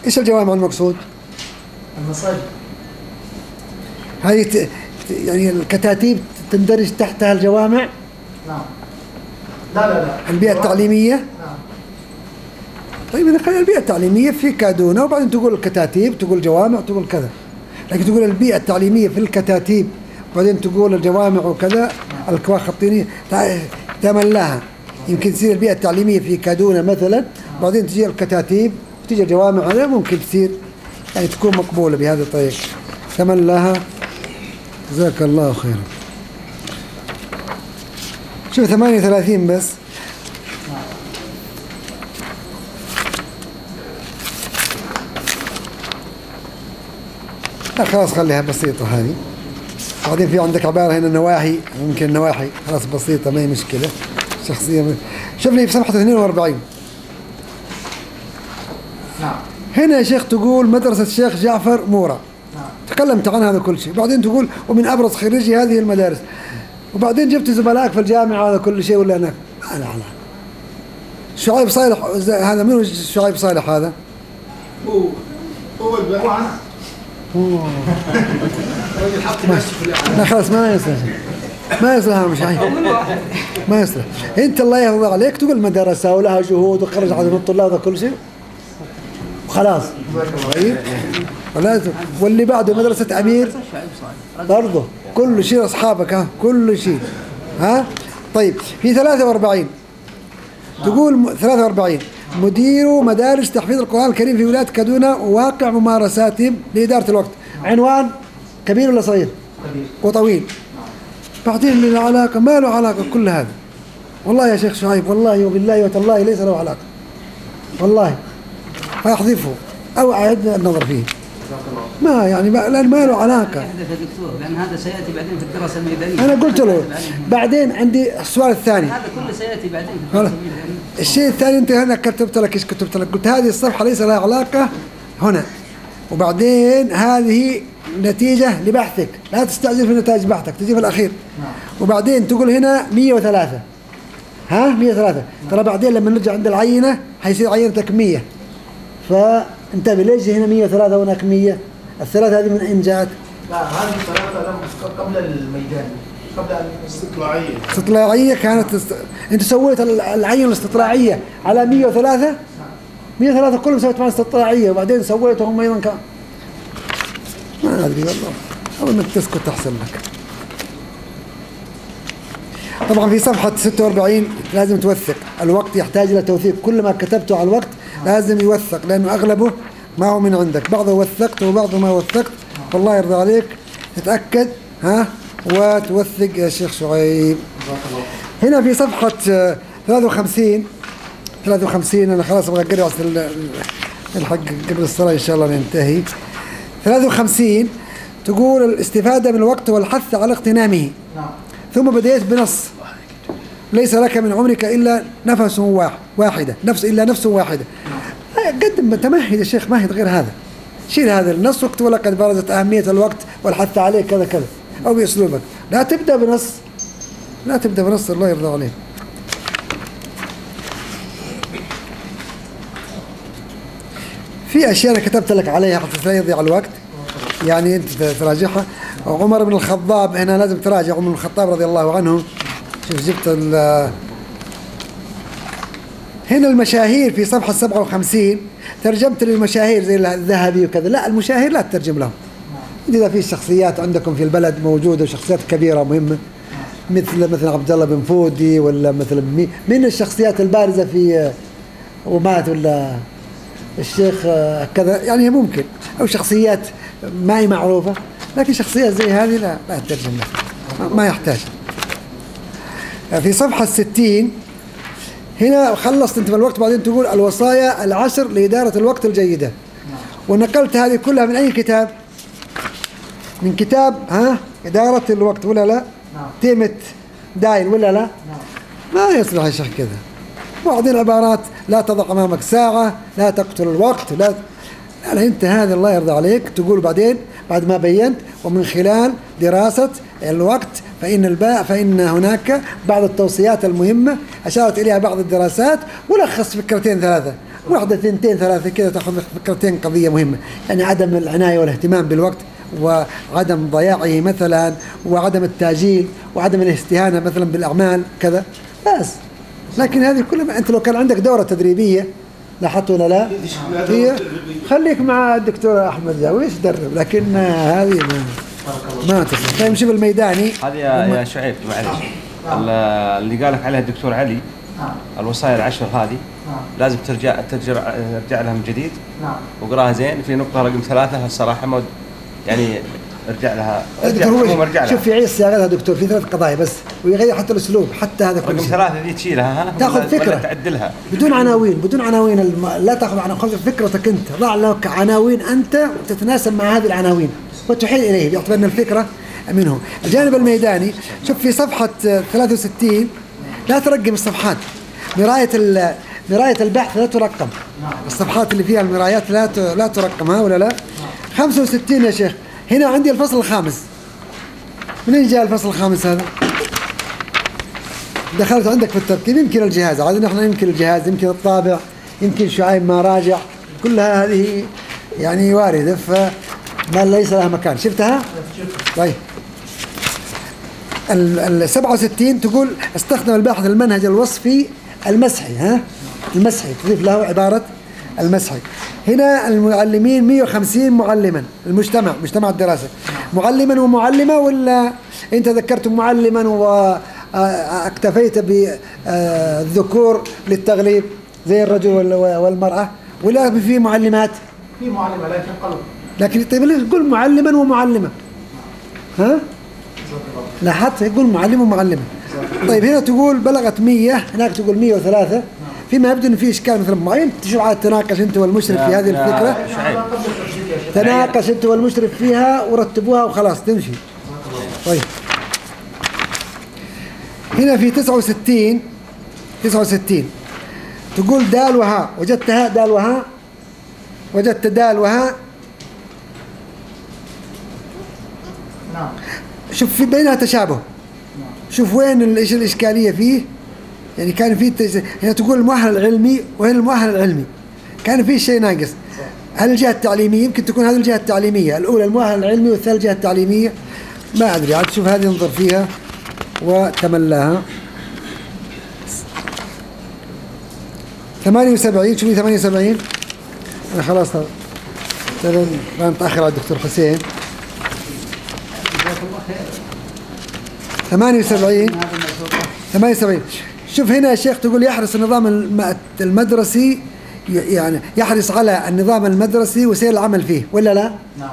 ايش الجوامع المقصود؟ المساجد هذه يعني الكتاتيب تندرج تحتها الجوامع نعم لا لا لا البيئة التعليمية نعم طيب إذا خلينا البيئة التعليمية في كادونة وبعدين تقول الكتاتيب تقول جوامع تقول كذا لكن تقول البيئة التعليمية في الكتاتيب وبعدين تقول الجوامع وكذا نعم. الكواخ الطينية تملاها يمكن تصير البيئة التعليمية في كادونة مثلا نعم. بعدين تجي الكتاتيب وتجي الجوامع هذا ممكن تصير يعني تكون مقبولة بهذه الطريقة تملاها جزاك الله خيرا شوف 38 بس لا خلاص خليها بسيطة هذه بعدين في عندك عبارة هنا نواحي ممكن نواحي خلاص بسيطة ما هي مشكلة شخصية شوف لي في صفحة 42 نعم هنا يا شيخ تقول مدرسة الشيخ جعفر مورا نعم تكلمت عن هذا كل شيء بعدين تقول ومن أبرز خريجي هذه المدارس وبعدين جبت زملائك في الجامعه هذا كل شيء ولا انا لا لا لا شعيب صالح هذا منو شعيب صالح هذا؟ هو هو الباحث [laughs] خلاص ما يصلح ما يصلح مش عايز ما يصلح انت الله يرضى عليك تقول مدرسه ولها جهود وخرج عدد من الطلاب وكل شيء وخلاص طيب واللي بعده مدرسه امير برضه كل شيء أصحابك ها كل شيء ها طيب في 43 تقول 43 مدير مدارس تحفيظ القرآن الكريم في ولاية كادونا واقع ممارساتهم لإدارة الوقت عنوان كبير ولا صغير؟ كبير وطويل بعدين له علاقة ما له علاقة كل هذا والله يا شيخ شعيب والله وبالله وتالله ليس له علاقة والله فيحذفه أو أعد النظر فيه ما يعني ما لان ما له علاقه يحدث يا دكتور لان هذا سياتي بعدين في الدراسه الميدانيه انا قلت له بعدين عندي السؤال الثاني هذا كله سياتي بعدين في الدراسه الميدانيه الشيء الثاني انت هنا كتبت لك ايش كتبت لك قلت هذه الصفحه ليس لها علاقه هنا وبعدين هذه نتيجة لبحثك لا تستعجل في نتائج بحثك تجي في الأخير نعم. وبعدين تقول هنا 103 ها 103 ترى بعدين لما نرجع عند العينة حيصير عينتك 100 ف انتبه ليش هنا 103 وهناك 100 الثلاثة هذه من أين جاءت؟ لا هذه الثلاثة لم قبل الميدان قبل استطلاعية استطلاعية كانت است... أنت سويت العين الاستطلاعية على 103 103 نعم. كلهم سويت مع استطلاعية وبعدين سويتهم أيضا كان ما أدري والله أو أنك تسكت أحسن لك طبعا في صفحة 46 لازم توثق الوقت يحتاج إلى توثيق كل ما كتبته على الوقت لازم يوثق لأنه أغلبه ما هو من عندك بعضه وثقت وبعضه ما وثقت والله يرضى عليك تتأكد ها وتوثق يا شيخ شعيب هنا في صفحة 53 53 أنا خلاص أبغى أقرأ الحق قبل الصلاة إن شاء الله ننتهي 53 تقول الاستفادة من الوقت والحث على اغتنامه نعم. ثم بديت بنص ليس لك من عمرك إلا نفس واحدة نفس إلا نفس واحدة قدم تمهد يا شيخ مهد غير هذا شيل هذا النص وقت ولقد برزت أهمية الوقت والحث عليه كذا كذا أو بأسلوبك لا تبدأ بنص لا تبدأ بنص الله يرضى عليك في أشياء أنا كتبت لك عليها حتى لا يضيع الوقت يعني أنت تراجعها عمر بن الخطاب هنا لازم تراجع عمر بن الخطاب رضي الله عنه شوف جبت ال هنا المشاهير في صفحة 57 ترجمت للمشاهير زي الذهبي وكذا لا المشاهير لا تترجم لهم إذا في شخصيات عندكم في البلد موجودة وشخصيات كبيرة مهمة مثل مثل عبد الله بن فودي ولا مثل من الشخصيات البارزة في آه، ومات ولا الشيخ آه، كذا يعني ممكن أو شخصيات ما هي معروفة لكن شخصيات زي هذه لا لا تترجم لها ما يحتاج في صفحة 60 هنا خلصت انت من الوقت بعدين تقول الوصايا العشر لإدارة الوقت الجيدة ونقلت هذه كلها من أي كتاب من كتاب ها إدارة الوقت ولا لا نعم. تيمت دايل ولا لا نعم. ما يصلح يا شيخ كذا بعض العبارات لا تضع أمامك ساعة لا تقتل الوقت لا قال يعني انت هذا الله يرضى عليك تقول بعدين بعد ما بينت ومن خلال دراسة الوقت فإن الباء فإن هناك بعض التوصيات المهمة أشارت إليها بعض الدراسات ولخص فكرتين ثلاثة واحدة ثنتين ثلاثة كذا تأخذ فكرتين قضية مهمة يعني عدم العناية والاهتمام بالوقت وعدم ضياعه مثلا وعدم التاجيل وعدم الاستهانة مثلا بالأعمال كذا بس لكن هذه كلها أنت لو كان عندك دورة تدريبية لاحظت ولا لا؟ هي خليك مع الدكتور احمد زاويش درب لكن هذه ما ما تصلح طيب شوف الميداني هذه يا شعيب معلش اللي قالك عليها الدكتور علي الوصايا العشر هذه لازم ترجع ترجع لها من جديد نعم وقراها زين في نقطه رقم ثلاثه الصراحه يعني ارجع لها ارجع لها ارجع لها شوف يعيش صياغتها دكتور في ثلاث قضايا بس ويغير حتى الاسلوب حتى هذا كله رقم ثلاثه دي تشيلها ها تاخذ فكره تعدلها بدون عناوين بدون عناوين الم... لا تاخذ عناوين فكرتك انت ضع لك عناوين انت تتناسب مع هذه العناوين وتحيل اليه يعتبر الفكره منه الجانب الميداني شوف في صفحه 63 لا ترقم الصفحات مرايه ال... مرايه البحث لا ترقم الصفحات اللي فيها المرايات لا ت... لا ترقم ها ولا لا 65 يا شيخ هنا عندي الفصل الخامس منين جاء الفصل الخامس هذا؟ دخلت عندك في التركيب يمكن الجهاز عاد احنا يمكن الجهاز يمكن الطابع يمكن شعيب ما راجع كلها هذه يعني وارده فما ليس لها مكان شفتها؟ طيب ال 67 تقول استخدم الباحث المنهج الوصفي المسحي ها المسحي تضيف له عباره المسحي هنا المعلمين 150 معلما المجتمع مجتمع الدراسة معلما ومعلمة ولا أنت ذكرت معلما واكتفيت آه، آه، بالذكور آه، للتغليب زي الرجل والمرأة ولا في معلمات في معلمة لكن قلب لكن طيب قل معلما ومعلمة ها لاحظت يقول معلم ومعلمة طيب هنا تقول بلغت 100 هناك تقول 103 فيما يبدو ان في اشكال مثلا معين تشرع تناقش انت والمشرف في هذه الفكره تناقش انت والمشرف فيها ورتبوها وخلاص تمشي طيب هنا في 69 69 تقول دال وها وجدتها دال وها وجدت دال وها نعم شوف في بينها تشابه شوف وين ايش الاشكاليه فيه يعني كان في تجز... يعني تقول المؤهل العلمي وين المؤهل العلمي كان في شيء ناقص هل الجهه التعليميه يمكن تكون هذه الجهه التعليميه الاولى المؤهل العلمي والثانيه الجهه التعليميه ما ادري عاد شوف هذه انظر فيها وتملاها 78 شوفي 78 انا خلاص ما نتاخر على الدكتور حسين 78 78 شوف هنا يا شيخ تقول يحرص النظام المدرسي يعني يحرص على النظام المدرسي وسير العمل فيه ولا لا؟ نعم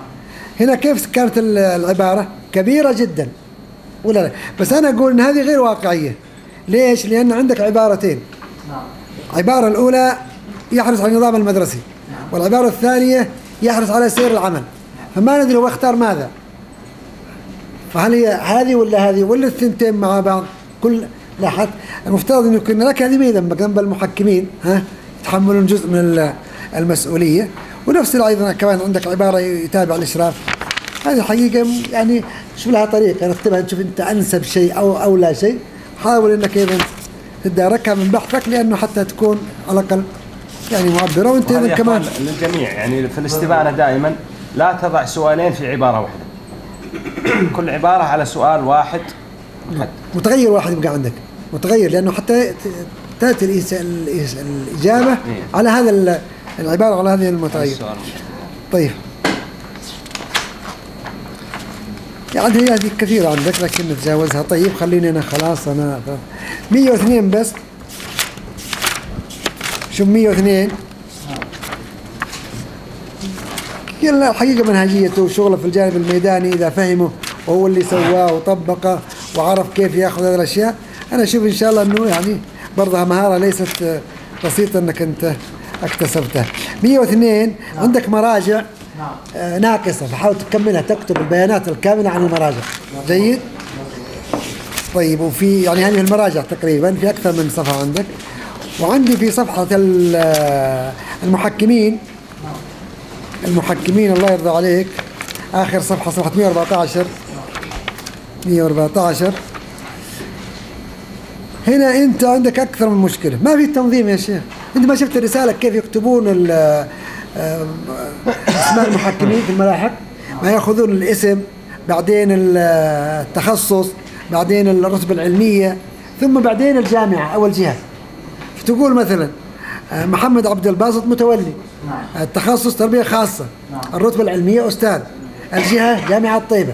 هنا كيف كانت العبارة؟ كبيرة جدا ولا لا؟ بس أنا أقول إن هذه غير واقعية ليش؟ لأن عندك عبارتين نعم العبارة الأولى يحرص على النظام المدرسي نعم. والعبارة الثانية يحرص على سير العمل فما ندري هو اختار ماذا؟ فهل هي هذه ولا هذه ولا الثنتين مع بعض؟ كل لا المفترض انه كنا الاكاديميين لما جنب المحكمين ها يتحملون جزء من المسؤوليه ونفس ايضا كمان عندك عباره يتابع الاشراف هذه الحقيقه يعني شوف لها طريقه رتبها تشوف انت انسب شيء او اولى شيء حاول انك ايضا تداركها من بحثك لانه حتى تكون على الاقل يعني معبره وانت ايضا كمان للجميع يعني في الاستبانه دائما لا تضع سؤالين في عباره واحده كل عباره على سؤال واحد متغير واحد يبقى عندك متغير لانه حتى تاتي الإس... الإس... الاجابه نعم. على هذا العباره على هذه المتغير طيب يعني هي هذه كثيرة عندك لكن نتجاوزها طيب خليني أنا خلاص أنا 102 بس شو 102 يلا الحقيقة منهجيته وشغله في الجانب الميداني إذا فهمه وهو اللي سواه وطبقه وعرف كيف ياخذ هذه الاشياء انا اشوف ان شاء الله انه يعني برضها مهاره ليست آه، بسيطه انك انت اكتسبتها 102 نعم. عندك مراجع نعم. آه، ناقصة فحاول تكملها تكتب البيانات الكاملة عن المراجع نعم. جيد طيب وفي يعني هذه المراجع تقريبا في أكثر من صفحة عندك وعندي في صفحة آه، المحكمين نعم. المحكمين الله يرضى عليك آخر صفحة صفحة 114 114 هنا انت عندك اكثر من مشكله ما في تنظيم يا شيخ انت ما شفت الرساله كيف يكتبون آه، اسماء المحكمين في الملاحق ما ياخذون الاسم بعدين التخصص بعدين الرتبه العلميه ثم بعدين الجامعه او الجهه فتقول مثلا آه، محمد عبد الباسط متولي نعم. التخصص تربيه خاصه نعم. الرتبه العلميه استاذ الجهه جامعه طيبه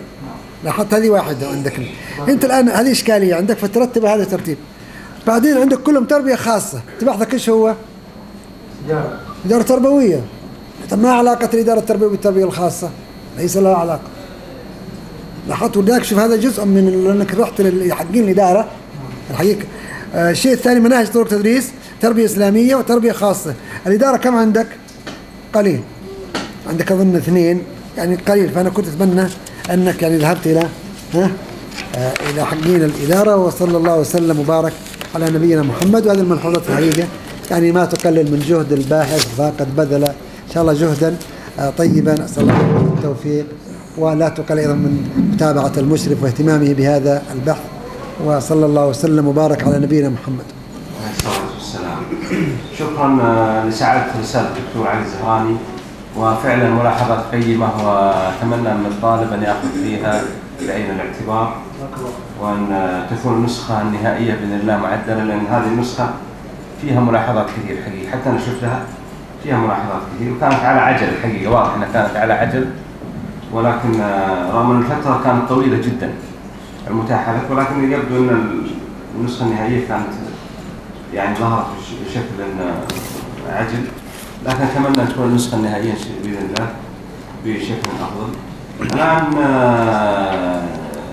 لاحظت هذه واحده عندك انت الان هذه اشكاليه عندك فترتب هذا الترتيب بعدين عندك كلهم تربيه خاصه بحثك ايش هو؟ اداره اداره تربويه طب ما علاقه الاداره التربويه بالتربيه الخاصه؟ ليس لها علاقه لاحظت ولذلك شوف هذا جزء من لانك رحت حقين الاداره الحقيقه آه، الشيء الثاني مناهج طرق تدريس تربيه اسلاميه وتربيه خاصه الاداره كم عندك؟ قليل عندك اظن اثنين يعني قليل فانا كنت اتمنى أنك يعني ذهبت إلى ها آه، إلى حقين الإدارة وصلى الله وسلم وبارك على نبينا محمد وهذه الملحوظات الحقيقة يعني ما تقلل من جهد الباحث فقد بذل إن شاء الله جهدا آه، طيبا أسأل الله التوفيق ولا تقل أيضا من متابعة المشرف واهتمامه بهذا البحث وصلى الله وسلم وبارك على نبينا محمد والسلام. شكرا آه، لسعادة الأستاذ الدكتور علي الزهراني وفعلا ملاحظات قيمة وأتمنى من الطالب أن يأخذ فيها بعين الاعتبار وأن تكون النسخة النهائية بإذن الله معدلة لأن هذه النسخة فيها ملاحظات كثير حقيقة حتى أنا شفتها فيها ملاحظات كثير وكانت على عجل الحقيقة واضح أنها كانت على عجل ولكن رغم أن الفترة كانت طويلة جدا المتاحة لك ولكن يبدو أن النسخة النهائية كانت يعني ظهرت بشكل عجل لكن اتمنى تكون النسخه النهائيه باذن الله بشكل افضل. الان آه،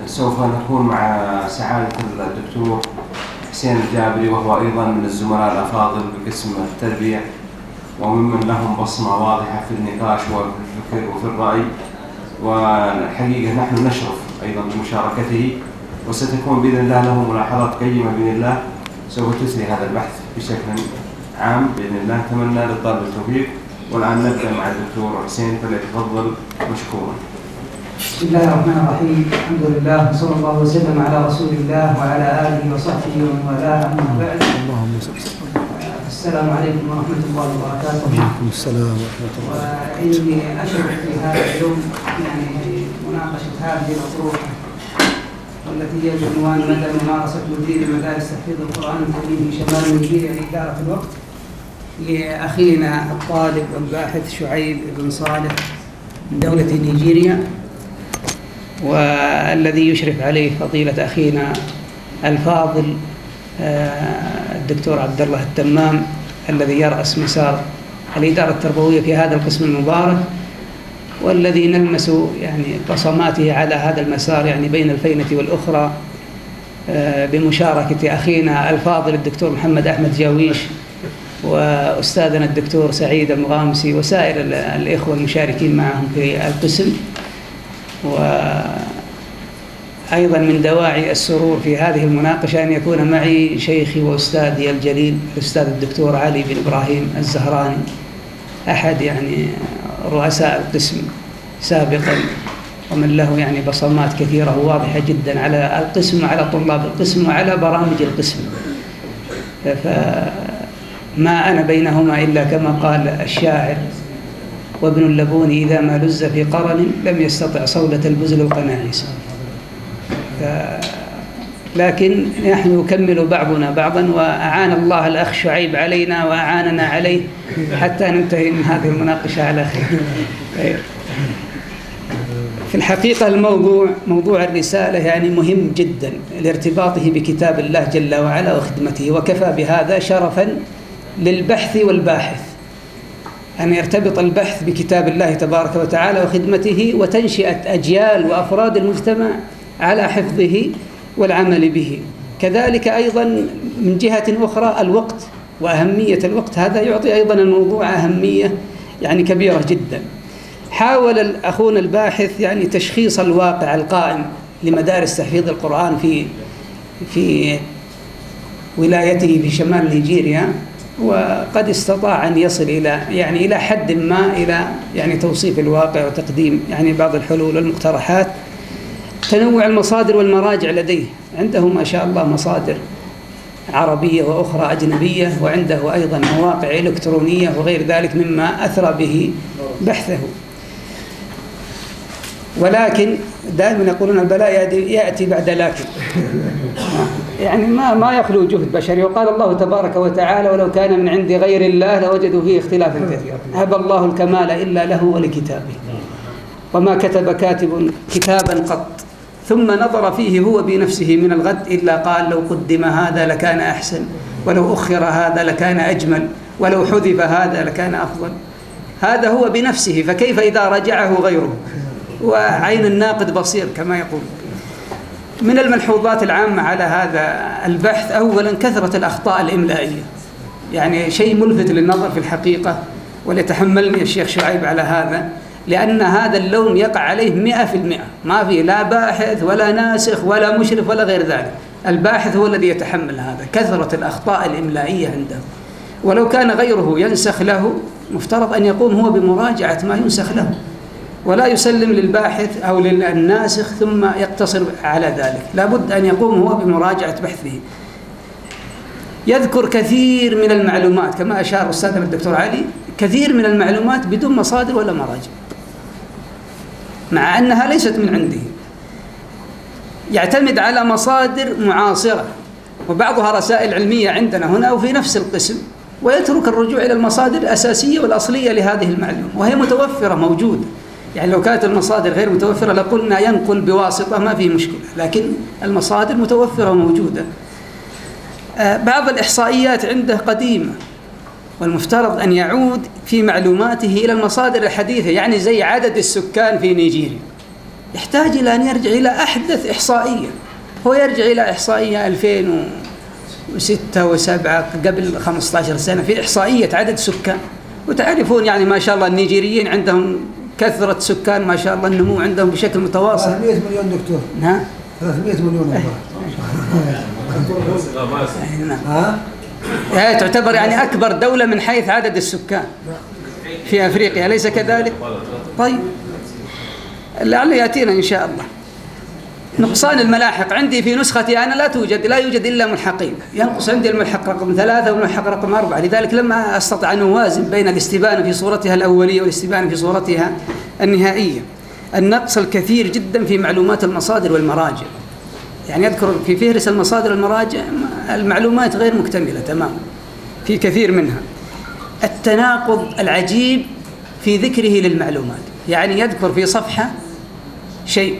سوف نكون مع سعاده الدكتور حسين الجابري وهو ايضا من الزملاء الافاضل بقسم التربيه وممن لهم بصمه واضحه في النقاش وفي الفكر وفي الراي والحقيقه نحن نشرف ايضا بمشاركته وستكون باذن الله له ملاحظات قيمه باذن الله سوف تسري هذا البحث بشكل عام باذن الله اتمنى للطالب التوفيق والان نبدا مع الدكتور حسين فليتفضل مشكورا. بسم الله الرحمن الرحيم، الحمد لله وصلى الله وسلم على رسول الله وعلى اله وصحبه ومن والاه اما بعد. اللهم صل وسلم. السلام عليكم ورحمة الله وبركاته. وعليكم السلام ورحمة الله. وإني أشرف في هذا اليوم يعني مناقشة هذه الأطروحة والتي هي بعنوان مدى ممارسة مدير مدارس تحفيظ القرآن الكريم في شمال نيجيريا لإدارة الوقت لأخينا الطالب الباحث شعيب بن صالح من دولة نيجيريا والذي يشرف عليه فضيلة أخينا الفاضل آه، الدكتور عبد الله التمام الذي يرأس مسار الإدارة التربوية في هذا القسم المبارك والذي نلمس يعني بصماته على هذا المسار يعني بين الفينة والأخرى آه، بمشاركة أخينا الفاضل الدكتور محمد أحمد جاويش واستاذنا الدكتور سعيد المغامسي وسائر الاخوه المشاركين معهم في القسم وايضا من دواعي السرور في هذه المناقشه ان يكون معي شيخي واستاذي الجليل الاستاذ الدكتور علي بن ابراهيم الزهراني احد يعني رؤساء القسم سابقا ومن له يعني بصمات كثيره واضحه جدا على القسم وعلى طلاب القسم وعلى برامج القسم ف ما أنا بينهما إلا كما قال الشاعر وابن اللبون إذا ما لز في قرن لم يستطع صولة البزل القنانيس لكن نحن يكمل بعضنا بعضا وأعان الله الأخ شعيب علينا وأعاننا عليه حتى ننتهي من هذه المناقشة على خير طيب. في الحقيقة الموضوع موضوع الرسالة يعني مهم جدا لارتباطه بكتاب الله جل وعلا وخدمته وكفى بهذا شرفا للبحث والباحث أن يرتبط البحث بكتاب الله تبارك وتعالى وخدمته وتنشئة أجيال وأفراد المجتمع على حفظه والعمل به كذلك أيضا من جهة أخرى الوقت وأهمية الوقت هذا يعطي أيضا الموضوع أهمية يعني كبيرة جدا حاول الأخون الباحث يعني تشخيص الواقع القائم لمدارس تحفيظ القرآن في في ولايته في شمال نيجيريا وقد استطاع أن يصل إلى يعني إلى حد ما إلى يعني توصيف الواقع وتقديم يعني بعض الحلول والمقترحات تنوع المصادر والمراجع لديه عنده ما شاء الله مصادر عربية وأخرى أجنبية وعنده أيضا مواقع إلكترونية وغير ذلك مما أثرى به بحثه ولكن دائما يقولون البلاء يأتي بعد لكن [laughs] يعني ما ما يخلو جهد بشري وقال الله تبارك وتعالى ولو كان من عند غير الله لوجدوا فيه اختلافا كثيرا هب الله الكمال إلا له ولكتابه وما كتب كاتب كتابا قط ثم نظر فيه هو بنفسه من الغد إلا قال لو قدم هذا لكان أحسن ولو أخر هذا لكان أجمل ولو حذف هذا لكان أفضل هذا هو بنفسه فكيف إذا رجعه غيره وعين الناقد بصير كما يقول من الملحوظات العامة على هذا البحث أولا كثرة الأخطاء الإملائية يعني شيء ملفت للنظر في الحقيقة وليتحملني الشيخ شعيب على هذا لأن هذا اللوم يقع عليه مئة في المئة ما في لا باحث ولا ناسخ ولا مشرف ولا غير ذلك الباحث هو الذي يتحمل هذا كثرة الأخطاء الإملائية عنده ولو كان غيره ينسخ له مفترض أن يقوم هو بمراجعة ما ينسخ له ولا يسلم للباحث أو للناسخ ثم يقتصر على ذلك لابد أن يقوم هو بمراجعة بحثه يذكر كثير من المعلومات كما أشار أستاذنا الدكتور علي كثير من المعلومات بدون مصادر ولا مراجع مع أنها ليست من عنده يعتمد على مصادر معاصرة وبعضها رسائل علمية عندنا هنا وفي نفس القسم ويترك الرجوع إلى المصادر الأساسية والأصلية لهذه المعلومة وهي متوفرة موجودة يعني لو كانت المصادر غير متوفرة لقلنا ينقل بواسطة ما في مشكلة لكن المصادر متوفرة وموجودة آه، بعض الإحصائيات عنده قديمة والمفترض أن يعود في معلوماته إلى المصادر الحديثة يعني زي عدد السكان في نيجيريا يحتاج إلى أن يرجع إلى أحدث إحصائية هو يرجع إلى إحصائية 2006 و7 قبل 15 سنة في إحصائية عدد سكان وتعرفون يعني ما شاء الله النيجيريين عندهم كثرة سكان ما شاء الله النمو عندهم بشكل متواصل 300 مليون دكتور نعم 300 مليون ها هي تعتبر يعني أكبر دولة من حيث عدد السكان في أفريقيا أليس كذلك؟ طيب لعله يأتينا إن شاء الله نقصان الملاحق عندي في نسختي أنا لا توجد لا يوجد إلا ملحقين ينقص عندي الملحق رقم ثلاثة والملحق رقم أربعة لذلك لما أستطع أن أوازن بين الاستبانة في صورتها الأولية والاستبانة في صورتها النهائية النقص الكثير جدا في معلومات المصادر والمراجع يعني أذكر في فهرس المصادر والمراجع المعلومات غير مكتملة تماما في كثير منها التناقض العجيب في ذكره للمعلومات يعني يذكر في صفحة شيء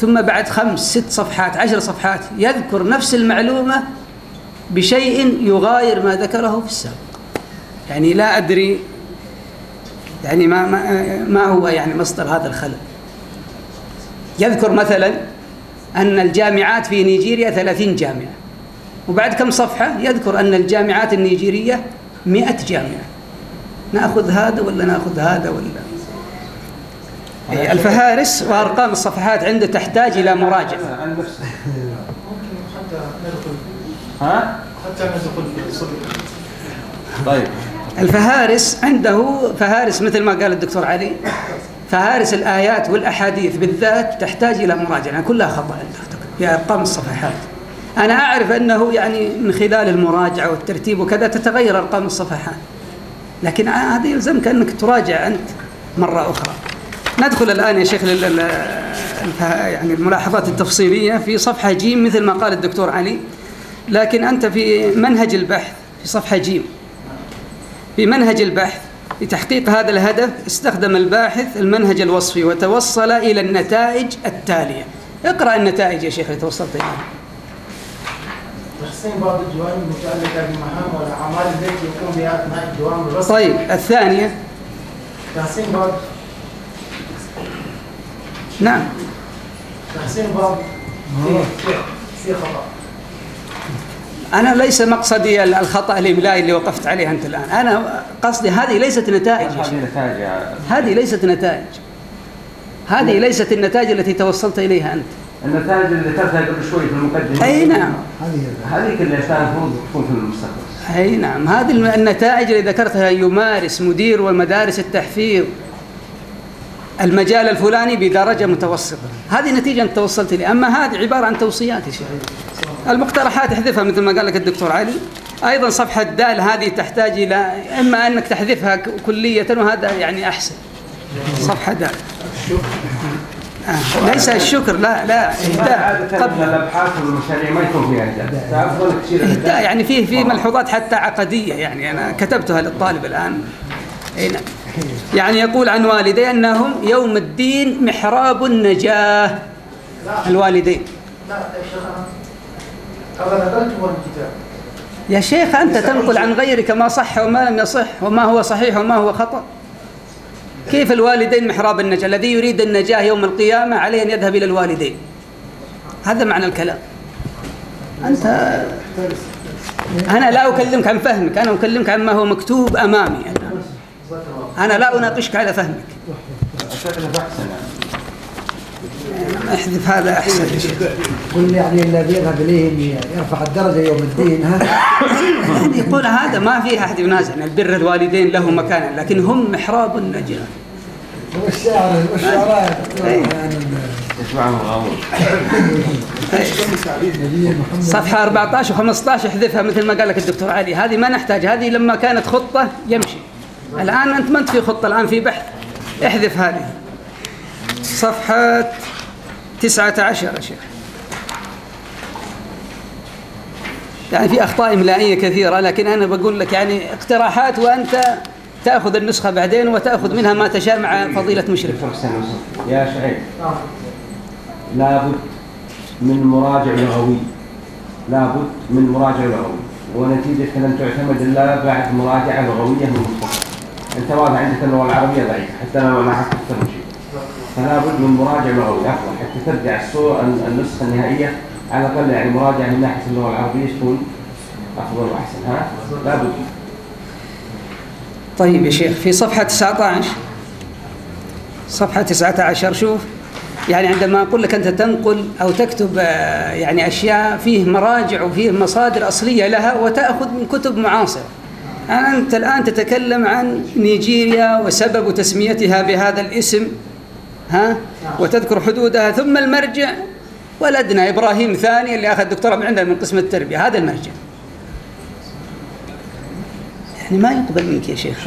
ثم بعد خمس ست صفحات عشر صفحات يذكر نفس المعلومة بشيء يغاير ما ذكره في السابق يعني لا أدري يعني ما, ما, ما هو يعني مصدر هذا الخلل يذكر مثلا أن الجامعات في نيجيريا ثلاثين جامعة وبعد كم صفحة يذكر أن الجامعات النيجيرية مئة جامعة نأخذ هذا ولا نأخذ هذا ولا إيه، الفهارس وارقام الصفحات عنده تحتاج الى مراجعه ها؟ حتى ندخل طيب الفهارس عنده فهارس مثل ما قال الدكتور علي فهارس الآيات والأحاديث بالذات تحتاج إلى مراجعة كلها خطأ عنده في أرقام الصفحات أنا أعرف أنه يعني من خلال المراجعة والترتيب وكذا تتغير أرقام الصفحات لكن هذا يلزمك أنك تراجع أنت مرة أخرى ندخل الآن يا شيخ لل... يعني الملاحظات التفصيلية في صفحة جيم مثل ما قال الدكتور علي لكن أنت في منهج البحث في صفحة جيم في منهج البحث لتحقيق هذا الهدف استخدم الباحث المنهج الوصفي وتوصل إلى النتائج التالية اقرأ النتائج يا شيخ اللي توصلت إليها تحسين بعض الجوانب المتعلقة بالمهام والأعمال التي يقوم بها أثناء الدوام الرسمي طيب الثانية تحسين بعض نعم تحسين بعض في خطأ أنا ليس مقصدي الخطأ الإملائي اللي وقفت عليه أنت الآن أنا قصدي هذه ليست نتائج هذه ليست نتائج هذه ليست النتائج التي توصلت إليها أنت النتائج اللي ذكرتها قبل شوي في المقدمة أي نعم هذه اللي كان المفروض تكون في المستقبل أي نعم هذه النتائج اللي ذكرتها يمارس مدير والمدارس التحفيظ المجال الفلاني بدرجة متوسطة هذه نتيجة أنت توصلت لي أما هذه عبارة عن توصيات يا شيخ المقترحات احذفها مثل ما قال لك الدكتور علي أيضا صفحة دال هذه تحتاج إلى إما أنك تحذفها كلية وهذا يعني أحسن صفحة دال آه. ليس الشكر لا لا اهداء قبل الابحاث والمشاريع ما يكون فيها اهداء اهداء يعني فيه في ملحوظات حتى عقديه يعني انا كتبتها للطالب الان اي نعم يعني يقول عن والدي أنهم يوم الدين محراب النجاة الوالدين لا يا شيخ هذا الكتاب يا شيخ أنت تنقل عن غيرك ما صح وما لم يصح وما هو صحيح وما هو خطأ كيف الوالدين محراب النجاة الذي يريد النجاة يوم القيامة عليه أن يذهب إلى الوالدين هذا معنى الكلام أنت أنا لا أكلمك عن فهمك أنا أكلمك عن ما هو مكتوب أمامي أنا. أنا لا أناقشك على فهمك احذف هذا احسن قل يعني الذي يذهب اليه يرفع الدرجه يوم الدين ها يقول هذا ما فيه احد ينازع ان البر الوالدين له مكان لكن هم محراب النجاه والشعر والشعراء إيه. صفحه 14 و15 احذفها مثل ما قال لك الدكتور علي هذه ما نحتاج هذه لما كانت خطه يمشي الآن أنت ما أنت في خطة الآن في بحث احذف هذه صفحة 19 يا شيخ يعني في أخطاء إملائية كثيرة لكن أنا بقول لك يعني اقتراحات وأنت تأخذ النسخة بعدين وتأخذ منها ما تشاء مع فضيلة مشرف يا شعيب لابد من مراجع لغوي لابد من مراجع لغوي ونتيجة لن تعتمد إلا بعد مراجعة لغوية من المستقبل انت واضح عندك اللغه العربيه ضعيفه حتى ما معك شيء فلا بد من مراجعه لغويه افضل حتى ترجع الصوره النسخه النهائيه على الاقل يعني مراجعه من ناحيه اللغه العربيه تكون افضل واحسن ها لا بد طيب يا شيخ في صفحه 19 صفحه 19 شوف يعني عندما اقول لك انت تنقل او تكتب آه، يعني اشياء فيه مراجع وفيه مصادر اصليه لها وتاخذ من كتب معاصره أنت الآن تتكلم عن نيجيريا وسبب تسميتها بهذا الاسم ها نعم. وتذكر حدودها ثم المرجع ولدنا إبراهيم ثاني اللي أخذ دكتوراه من عندنا من قسم التربية هذا المرجع يعني ما يقبل منك يا شيخ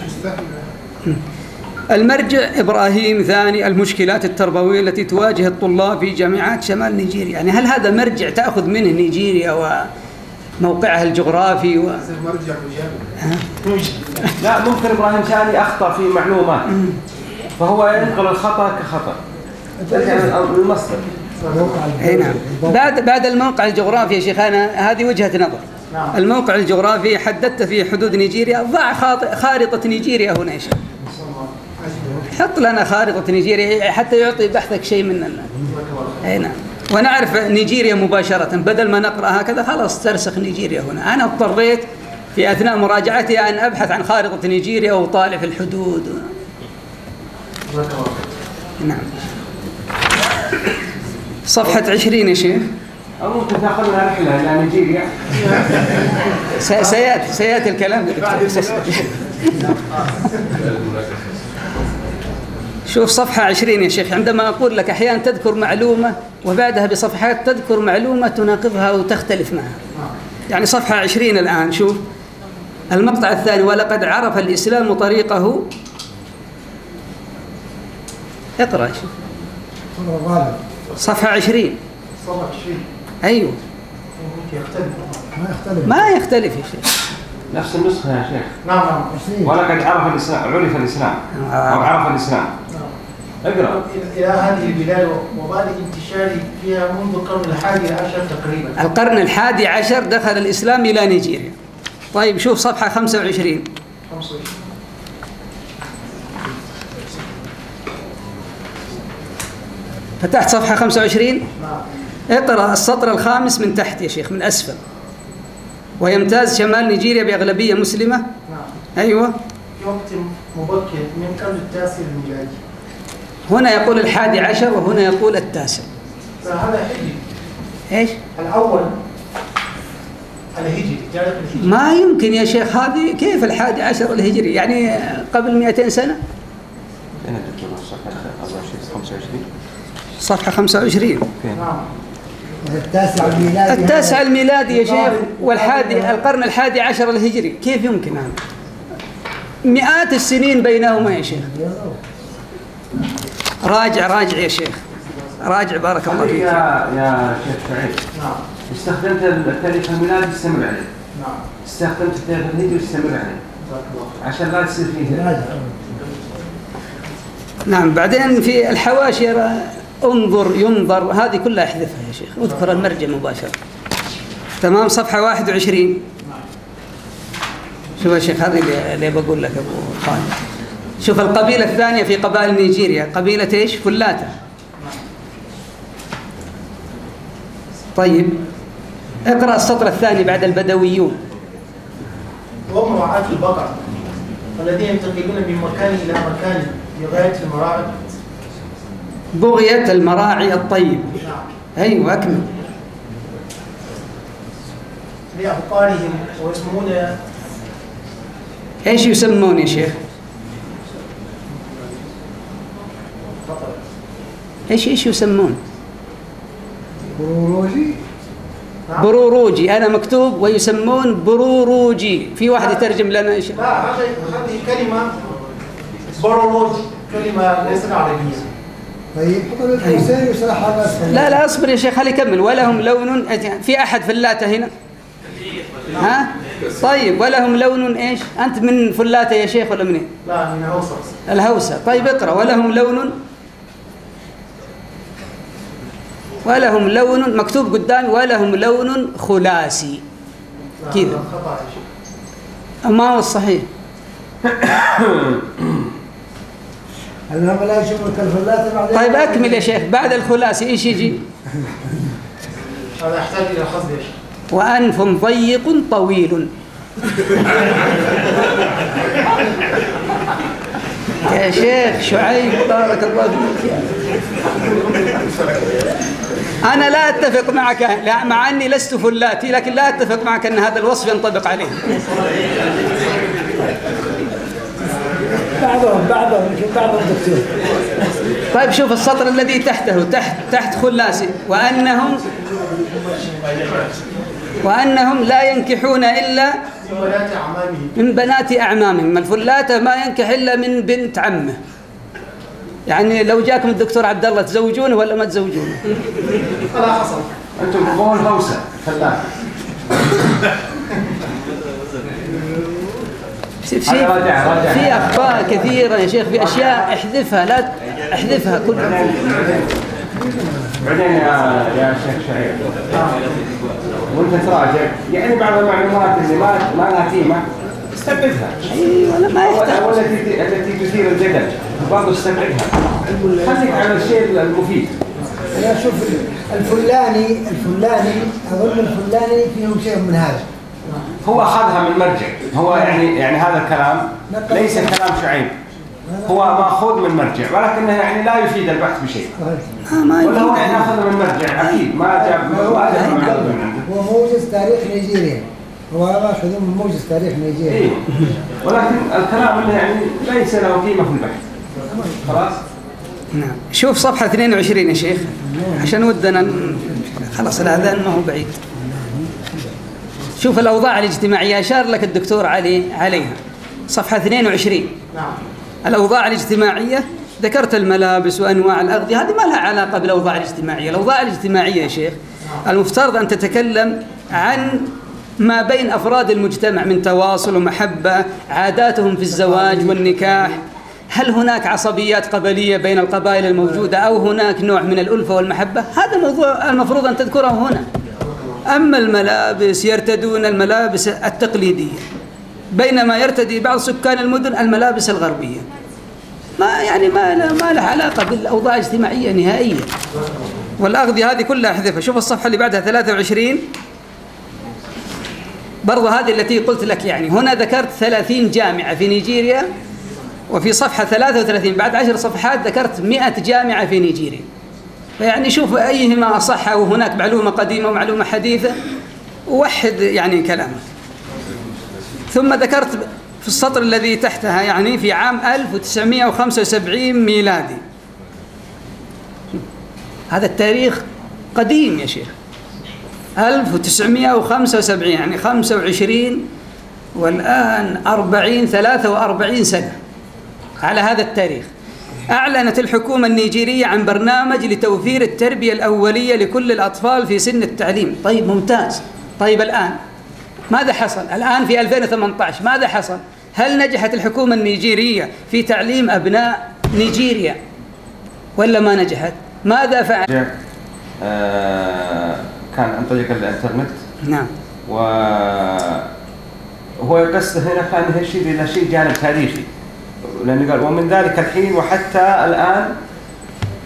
المرجع إبراهيم ثاني المشكلات التربوية التي تواجه الطلاب في جامعات شمال نيجيريا يعني هل هذا مرجع تأخذ منه نيجيريا و موقعها الجغرافي و... لا ممكن ابراهيم شاني اخطا في معلومات فهو ينقل الخطا كخطا يعني المصدر اي نعم بعد بعد الموقع الجغرافي يا شيخ انا هذه وجهه نظر نعم. الموقع الجغرافي حددت في حدود نيجيريا ضع خارطه نيجيريا هنا يا شيخ حط لنا خارطه نيجيريا حتى يعطي بحثك شيء من اي نعم ونعرف نيجيريا مباشرة بدل ما نقرأ هكذا خلاص ترسخ نيجيريا هنا أنا اضطريت في أثناء مراجعتي أن أبحث عن خارطة نيجيريا وطالع في الحدود نعم صفحة عشرين يا شيخ أو ممكن تاخذنا رحلة إلى نيجيريا سيأتي سيأتي الكلام [laughs] شوف صفحة عشرين يا شيخ عندما أقول لك أحيانا تذكر معلومة وبعدها بصفحات تذكر معلومة تناقضها أو تختلف معها يعني صفحة عشرين الآن شوف المقطع الثاني ولقد عرف الإسلام طريقه اقرأ شوف صفحة عشرين صفحة عشرين أيوه يختلف ما يختلف ما يختلف يا شيخ نفس النسخة يا شيخ نعم نعم ولقد عرف الإسلام عرف الإسلام أو آه. عرف الإسلام اقرا الى هذه البلاد وبعد انتشاره فيها منذ القرن الحادي عشر تقريبا القرن الحادي عشر دخل الاسلام الى نيجيريا طيب شوف صفحه 25 25 فتحت صفحه 25 نعم اقرا السطر الخامس من تحت يا شيخ من اسفل ويمتاز شمال نيجيريا باغلبيه مسلمه نعم ايوه في وقت مبكر من قبل التاسع الميلادي هنا يقول الحادي عشر وهنا يقول التاسع هذا هجري ايش؟ الاول الهجري ما يمكن يا شيخ هذه كيف الحادي عشر الهجري يعني قبل 200 سنة فين الدكتور الصفحة 25 صفحة 25 فين؟ التاسع الميلادي التاسع الميلادي يا شيخ والحادي القرن الحادي عشر الهجري كيف يمكن هذا؟ مئات السنين بينهما يا شيخ راجع راجع يا شيخ راجع بارك الله فيك يا يا شيخ سعيد نعم استخدمت التاريخ الميلادي استمر عليه نعم استخدمت التاريخ الهجري استمر عليه عشان لا تصير فيه نعم. نعم بعدين في الحواشر انظر ينظر هذه كلها احذفها يا شيخ اذكر المرجع مباشرة تمام صفحة 21 نعم. شوف يا شيخ هذه اللي بقول لك ابو خالد شوف القبيلة الثانية في قبائل نيجيريا قبيلة ايش؟ فلاتة طيب اقرأ السطر الثاني بعد البدويون وهم رعاة البقر الذين ينتقلون من مكان إلى مكان لغاية المراعي بغية المراعي الطيب نعم. أيوة أكمل لأبقارهم ويسمون إيش يسمون يا شيخ؟ ايش ايش يسمون؟ بروروجي نعم. بروروجي انا مكتوب ويسمون بروروجي في واحد نعم. يترجم لنا ايش؟ لا هذه كلمه بروروجي كلمه ليست عربيه طيب أيوه. لا لا اصبر يا شيخ خلي يكمل ولهم لون في احد فلاته هنا ها طيب ولهم لون ايش انت من فلاته يا شيخ ولا منين إيه؟ لا من الهوسه الهوسه طيب اقرا ولهم لون ولهم لون مكتوب قدامي ولهم لون خلاسي كذا ما هو الصحيح [coughs] طيب اكمل يا شيخ بعد الخلاسي ايش يجي؟ هذا يحتاج الى خفض يا شيخ وانف ضيق طويل يا شيخ شعيب بارك الله فيك أنا لا أتفق معك لا مع أني لست فلاتي لكن لا أتفق معك أن هذا الوصف ينطبق عليه بعضهم بعضهم بعضهم دكتور طيب شوف السطر الذي تحته تحت تحت خلاسي وأنهم وأنهم لا ينكحون إلا من بنات أعمامهم الفلاتة ما ينكح إلا من بنت عمه يعني لو جاكم الدكتور عبد الله تزوجونه ولا ما تزوجونه؟ لا حصل انتم تبغون هوسه فلاح في في اخطاء كثيره يا شيخ في اشياء احذفها لا احذفها كلها بعدين يا يا شيخ شعيب وانت تراجع يعني بعض المعلومات اللي ما ما لها قيمه استبدها ايوه لا ما يحتاج التي التي تثير الجدل برضه استنبذها خليك على الشيء المفيد انا اشوف الفلاني الفلاني اظن الفلاني فيهم شيء من هذا هو اخذها من مرجع هو يعني يعني هذا الكلام ليس كلام شعيب هو ماخوذ من مرجع ولكنه يعني لا يفيد البحث بشيء. آه، ما هو احنا اخذنا من مرجع اكيد ما جاب ما آه، جاب آه، هو موجز تاريخ نيجيريا. هو ماخذ من موجز تاريخ نيجيريا إيه. ولكن الكلام انه يعني ليس له قيمه في البحث خلاص نعم شوف صفحة 22 يا شيخ نعم. عشان ودنا خلاص الأذان ما هو بعيد شوف الأوضاع الاجتماعية أشار لك الدكتور علي عليها صفحة 22 نعم الأوضاع الاجتماعية ذكرت الملابس وأنواع الأغذية هذه ما لها علاقة بالأوضاع الاجتماعية الأوضاع الاجتماعية يا شيخ نعم. المفترض أن تتكلم عن ما بين أفراد المجتمع من تواصل ومحبة عاداتهم في الزواج والنكاح هل هناك عصبيات قبلية بين القبائل الموجودة أو هناك نوع من الألفة والمحبة هذا موضوع المفروض أن تذكره هنا أما الملابس يرتدون الملابس التقليدية بينما يرتدي بعض سكان المدن الملابس الغربية ما يعني ما لا ما له علاقة بالأوضاع الاجتماعية نهائيا والأغذية هذه كلها احذفها شوف الصفحة اللي بعدها 23 برضه هذه التي قلت لك يعني هنا ذكرت 30 جامعة في نيجيريا وفي صفحة 33 بعد عشر صفحات ذكرت 100 جامعة في نيجيريا فيعني شوف أيهما أصح وهناك معلومة قديمة ومعلومة حديثة ووحد يعني كلامك ثم ذكرت في السطر الذي تحتها يعني في عام 1975 ميلادي هذا التاريخ قديم يا شيخ 1975 يعني 25 والآن 40 43 سنة على هذا التاريخ أعلنت الحكومة النيجيرية عن برنامج لتوفير التربية الأولية لكل الأطفال في سن التعليم طيب ممتاز طيب الآن ماذا حصل الآن في 2018 ماذا حصل هل نجحت الحكومة النيجيرية في تعليم أبناء نيجيريا ولا ما نجحت ماذا فعل آه، كان عن طريق الانترنت نعم و هو القصد هنا كان يشير الى شيء جانب تاريخي لانه قال ومن ذلك الحين وحتى الان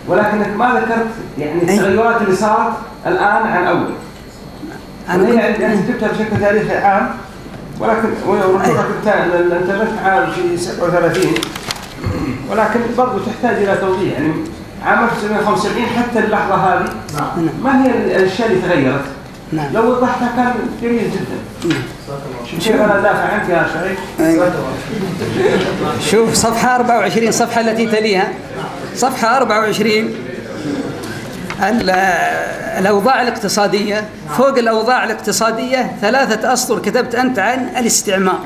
ولكنك ما ذكرت يعني إيه. التغيرات اللي صارت الان عن اول انا يعني جبتها بشكل تاريخي عام ولكن ورجوعك إيه. الانترنت عام في 37 ولكن برضه تحتاج الى توضيح يعني عام 1975 حتى اللحظه هذه نعم. نعم. ما هي الاشياء اللي تغيرت؟ نعم لو وضحتها كان جميل جدا نعم شوف انا دافع عنك يا شريف أيوة. شوف صفحه 24 الصفحه التي تليها صفحه 24 الأوضاع الاقتصادية فوق الأوضاع الاقتصادية ثلاثة أسطر كتبت أنت عن الاستعمار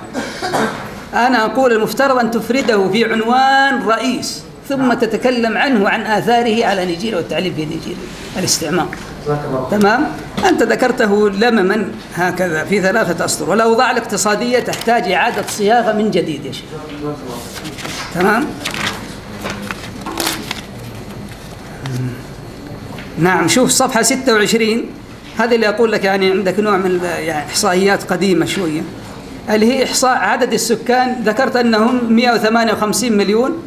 أنا أقول المفترض أن تفرده في عنوان رئيس ثم نعم. تتكلم عنه وعن آثاره على نيجيريا والتعليم في نيجيريا الاستعمار تمام أنت ذكرته لمما هكذا في ثلاثة أسطر والأوضاع الاقتصادية تحتاج إعادة صياغة من جديد يا شيخ تمام نعم شوف صفحة 26 هذه اللي أقول لك يعني عندك نوع من يعني إحصائيات قديمة شوية اللي هي إحصاء عدد السكان ذكرت أنهم 158 مليون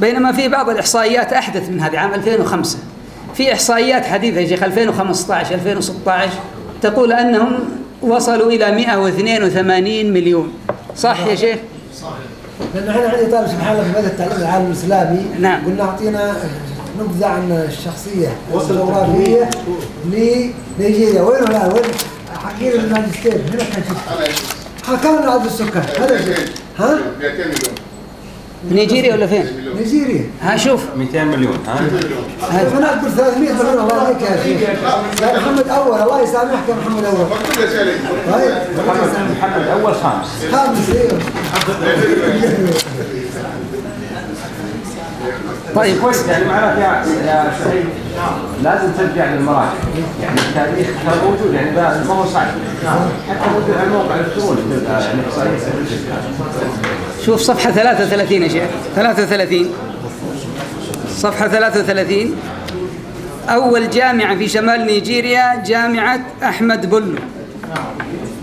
بينما في بعض الإحصائيات أحدث من هذه عام 2005 في إحصائيات حديثة يا شيخ 2015 2016 تقول أنهم وصلوا إلى 182 مليون صح يا شيخ؟ صحيح لأن احنا عندنا يعني طالب سبحان الله في مدى التعليم العالم الإسلامي نعم قلنا أعطينا نبذة عن الشخصية الجغرافية لنيجيريا وين الآن وين حكينا الماجستير هنا كان حكمنا عدد السكان هذا ها؟ 200 مليون نيجيريا ولا فين؟ نيجيريا ها شوف 200 مليون ها هناك ب 300 مليون الله يبارك يا شيخ يا محمد اول الله يسامحك يا محمد اول محمد طيب. محمد اول خامس خامس ايوه طيب كويس يعني معناته يا يا شهيد لازم ترجع للمراجع يعني التاريخ كان موجود يعني ما هو صعب حتى موجود على الموقع الالكتروني آه، يعني احصائيه شوف صفحة 33 يا شيخ 33 صفحة 33 أول جامعة في شمال نيجيريا جامعة أحمد بلو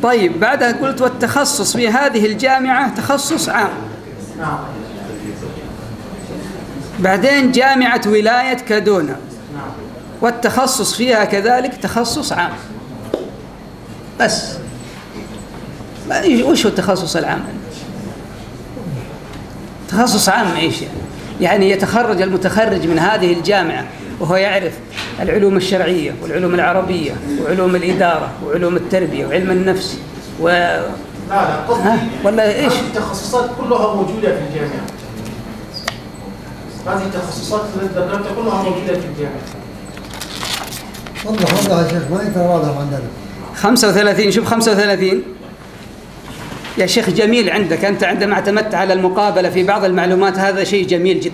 طيب بعدها قلت والتخصص في هذه الجامعة تخصص عام بعدين جامعة ولاية كادونا والتخصص فيها كذلك تخصص عام بس وش هو التخصص العام تخصص عام ايش يعني يعني يتخرج المتخرج من هذه الجامعه وهو يعرف العلوم الشرعيه والعلوم العربيه وعلوم الاداره وعلوم التربيه وعلم النفس و لا لا قصدي ولا ايش؟ التخصصات كلها موجوده في الجامعه هذه التخصصات التي ذكرتها كلها موجوده في الجامعه وضح وضح يا شيخ ما يتراضى عندنا 35 شوف 35 يا شيخ جميل عندك أنت عندما اعتمدت على المقابلة في بعض المعلومات هذا شيء جميل جدا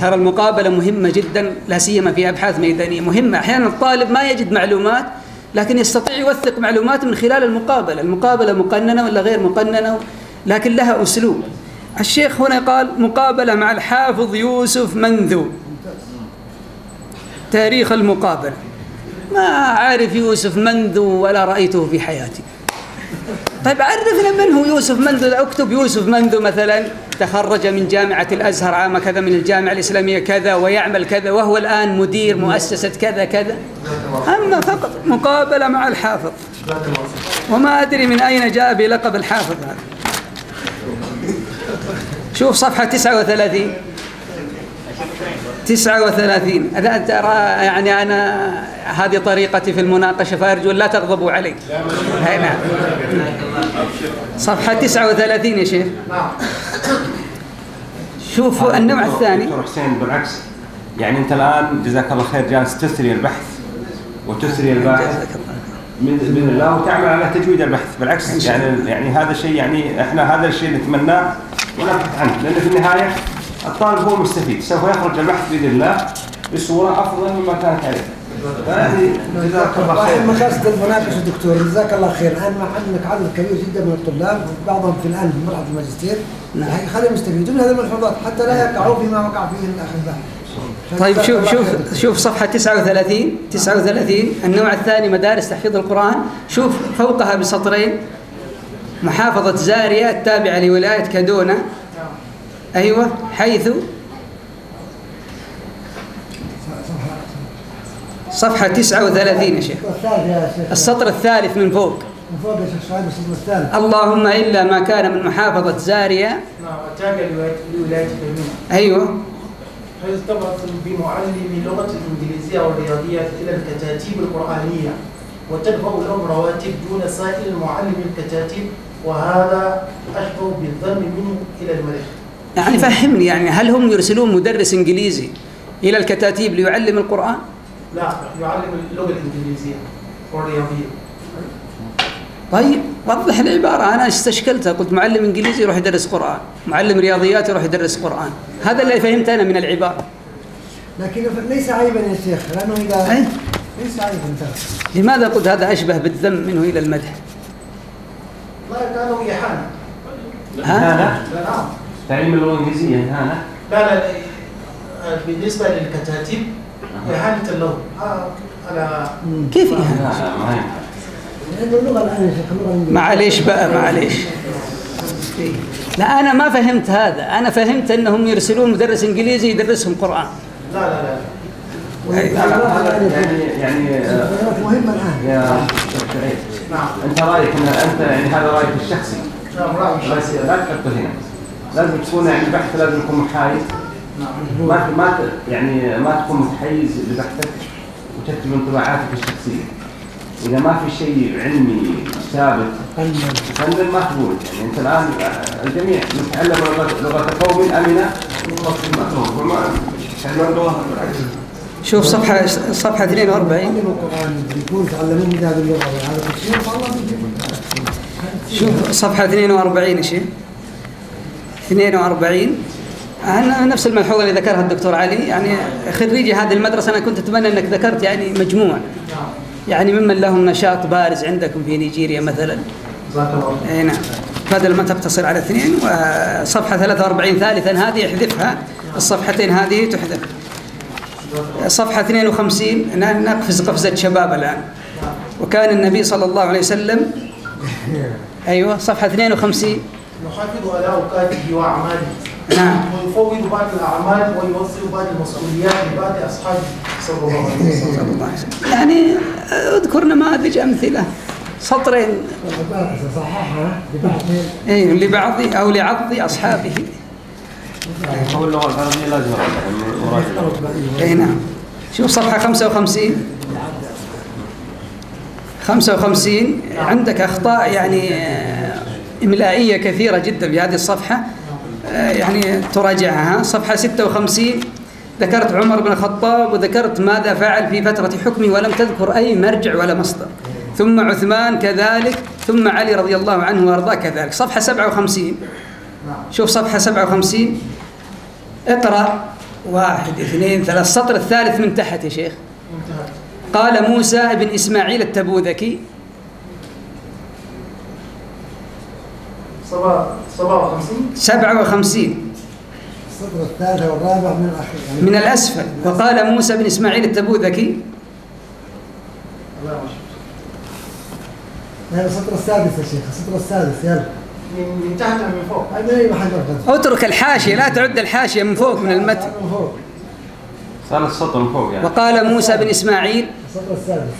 ترى المقابلة مهمة جدا لا سيما في أبحاث ميدانية مهمة أحيانا الطالب ما يجد معلومات لكن يستطيع يوثق معلومات من خلال المقابلة المقابلة مقننة ولا غير مقننة لكن لها أسلوب الشيخ هنا قال مقابلة مع الحافظ يوسف منذو تاريخ المقابلة ما أعرف يوسف منذو ولا رأيته في حياتي طيب عرفنا من هو يوسف منذ اكتب يوسف منذ مثلا تخرج من جامعة الأزهر عام كذا من الجامعة الإسلامية كذا ويعمل كذا وهو الآن مدير مؤسسة كذا كذا أما فقط مقابلة مع الحافظ وما أدري من أين جاء بلقب الحافظ هذا شوف صفحة 39 تسعة وثلاثين هذا ترى يعني أنا هذه طريقتي في المناقشة فأرجو لا تغضبوا علي هاي نعم صفحة تسعة وثلاثين يا شيخ شوفوا النوع الثاني دكتور حسين بالعكس يعني أنت الآن جزاك الله خير جالس تثري البحث وتثري الباحث باذن الله وتعمل على تجويد البحث بالعكس يعني يعني هذا الشيء يعني احنا هذا الشيء نتمناه ونبحث عنه لانه في النهايه الطالب هو المستفيد سوف يخرج البحث باذن الله بصوره افضل مما كانت عليه فهذه جزاك الله خير مقاصد المناقشه دكتور جزاك الله خير الان ما أنك عدد كبير جدا من الطلاب بعضهم في الان في مرحله الماجستير نعم. خليهم يستفيدون من هذه الملحوظات حتى لا نعم. يقعوا فيما وقع فيه الاخ طيب شوف شوف شوف صفحة 39 39 النوع الثاني مدارس تحفيظ القرآن شوف فوقها بسطرين محافظة زارية التابعة لولاية كادونا أيوة حيث صفحة 39 يا شيخ السطر الثالث من فوق من فوق يا شيخ شعيب السطر الثالث اللهم إلا ما كان من محافظة زارية نعم وتابع لولاية المنى أيوة حيث تبحث بمعلم لغة الإنجليزية والرياضيات إلى الكتاتيب القرآنية وتدفع لهم رواتب دون سائر المعلم الكتاتيب وهذا أشبه بالظن منه إلى الملك يعني فهمني يعني هل هم يرسلون مدرس انجليزي الى الكتاتيب ليعلم القران؟ لا يعلم اللغه الانجليزيه والرياضيه طيب وضح العبارة أنا استشكلتها قلت معلم إنجليزي يروح يدرس قرآن معلم رياضيات يروح يدرس قرآن هذا اللي فهمته أنا من العبارة لكن ليس عيبا يا شيخ لأنه إذا أي؟ ليس عيبا ترى لماذا قلت هذا أشبه بالذم منه إلى المدح؟ لا كانوا يحان ها؟ لا لا. تعليم اللغه الانجليزيه يعني، هنا لا لا آه، بالنسبه للكتاتيب اهانه اللغه آه، انا كيف يعني؟ اهانه؟ معليش بقى معليش لا انا ما فهمت هذا انا فهمت انهم يرسلون مدرس انجليزي يدرسهم قران لا لا لا يعني يعني آه، مهمه الان يا نعم. انت رايك انت يعني هذا رايك الشخصي نعم رايك الشخصي لا تحطه هنا لازم تكون يعني بحث لازم يكون محايد ما ما يعني ما تكون متحيز لبحثك وتكتب انطباعاتك الشخصيه اذا ما في شيء علمي ثابت فندم ما تقول يعني انت الان آه، الجميع نتعلم لغه قوم امنه شوف صفحة صفحة 42 شوف صفحة 42 يا شيخ 42 أنا نفس الملحوظة اللي ذكرها الدكتور علي يعني خريجي هذه المدرسة أنا كنت أتمنى أنك ذكرت يعني مجموع يعني ممن لهم نشاط بارز عندكم في نيجيريا مثلا اي نعم بدل ما تقتصر على اثنين وصفحة 43 ثالثا هذه احذفها الصفحتين هذه تحذف صفحة 52 نقفز قفزة شباب الآن وكان النبي صلى الله عليه وسلم [laughs] أيوه صفحة 52 نحافظ على اوقاته واعماله نعم ويفوض بعض الاعمال ويوزع بعض المسؤوليات لبعض اصحابه صلى الله عليه وسلم يعني اذكر نماذج امثله سطرين صححها لبعض اي لبعض او لعض اصحابه قول اللغه العربيه لازم اي نعم شوف صفحه 55 55 عندك اخطاء يعني آه، إملائية كثيرة جدا في هذه الصفحة آه، يعني تراجعها صفحة 56 ذكرت عمر بن الخطاب وذكرت ماذا فعل في فترة حكمه ولم تذكر أي مرجع ولا مصدر ثم عثمان كذلك ثم علي رضي الله عنه وأرضاه كذلك صفحة 57 شوف صفحة 57 اقرأ واحد اثنين ثلاث السطر الثالث من تحت يا شيخ قال موسى بن إسماعيل التبوذكي 57 57 السطر الثالث والرابع من الأخير من الأسفل وقال موسى بن إسماعيل التبوذكي لا السطر السادس يا شيخ السطر السادس يلا من تحت من فوق اترك الحاشيه لا تعد الحاشيه من فوق من المتن من فوق ثالث سطر من فوق يعني وقال موسى بن اسماعيل السطر السادس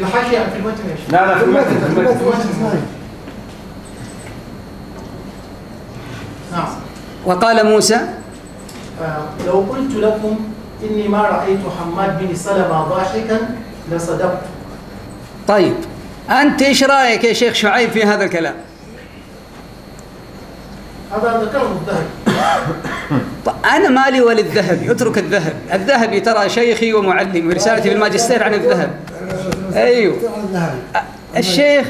الحاشيه في المتن يا شيخ لا لا في المتن في المتن نعم وقال موسى آه، لو قلت لكم إني ما رأيت حماد بن سلمة ضاحكا لصدقت طيب أنت إيش رأيك يا شيخ شعيب في هذا الكلام هذا ذكره الذهبي [coughs] أنا مالي ولي اترك الذهب الذهبي ترى شيخي ومعلمي ورسالتي بالماجستير عن الذهب أيوه, أيوه. الشيخ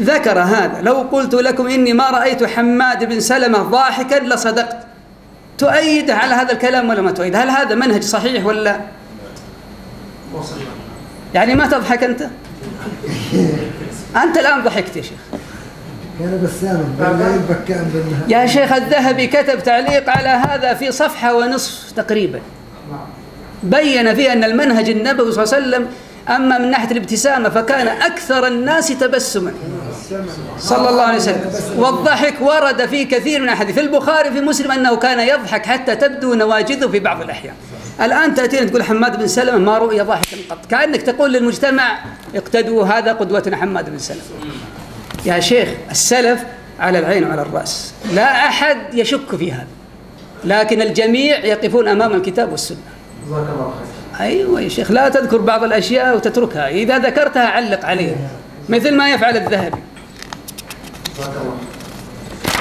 ذكر هذا لو قلت لكم إني ما رأيت حماد بن سلمة ضاحكا لصدقت تؤيد على هذا الكلام ولا ما تؤيد هل هذا منهج صحيح ولا يعني ما تضحك أنت أنت الآن ضحكت يا شيخ كان بساما يا شيخ الذهبي كتب تعليق على هذا في صفحة ونصف تقريبا بين فيه أن المنهج النبوي صلى الله عليه وسلم أما من ناحية الابتسامة فكان أكثر الناس تبسما صلى الله عليه وسلم والضحك ورد في كثير من الأحاديث في البخاري في مسلم أنه كان يضحك حتى تبدو نواجذه في بعض الأحيان الآن تأتينا تقول حماد بن سلمة ما رؤي ضحكا قط كأنك تقول للمجتمع اقتدوا هذا قدوتنا حماد بن سلمة يا شيخ السلف على العين وعلى الرأس لا أحد يشك في هذا لكن الجميع يقفون أمام الكتاب والسنة جزاك الله خير أيوة يا شيخ لا تذكر بعض الأشياء وتتركها إذا ذكرتها علق عليها مثل ما يفعل الذهبي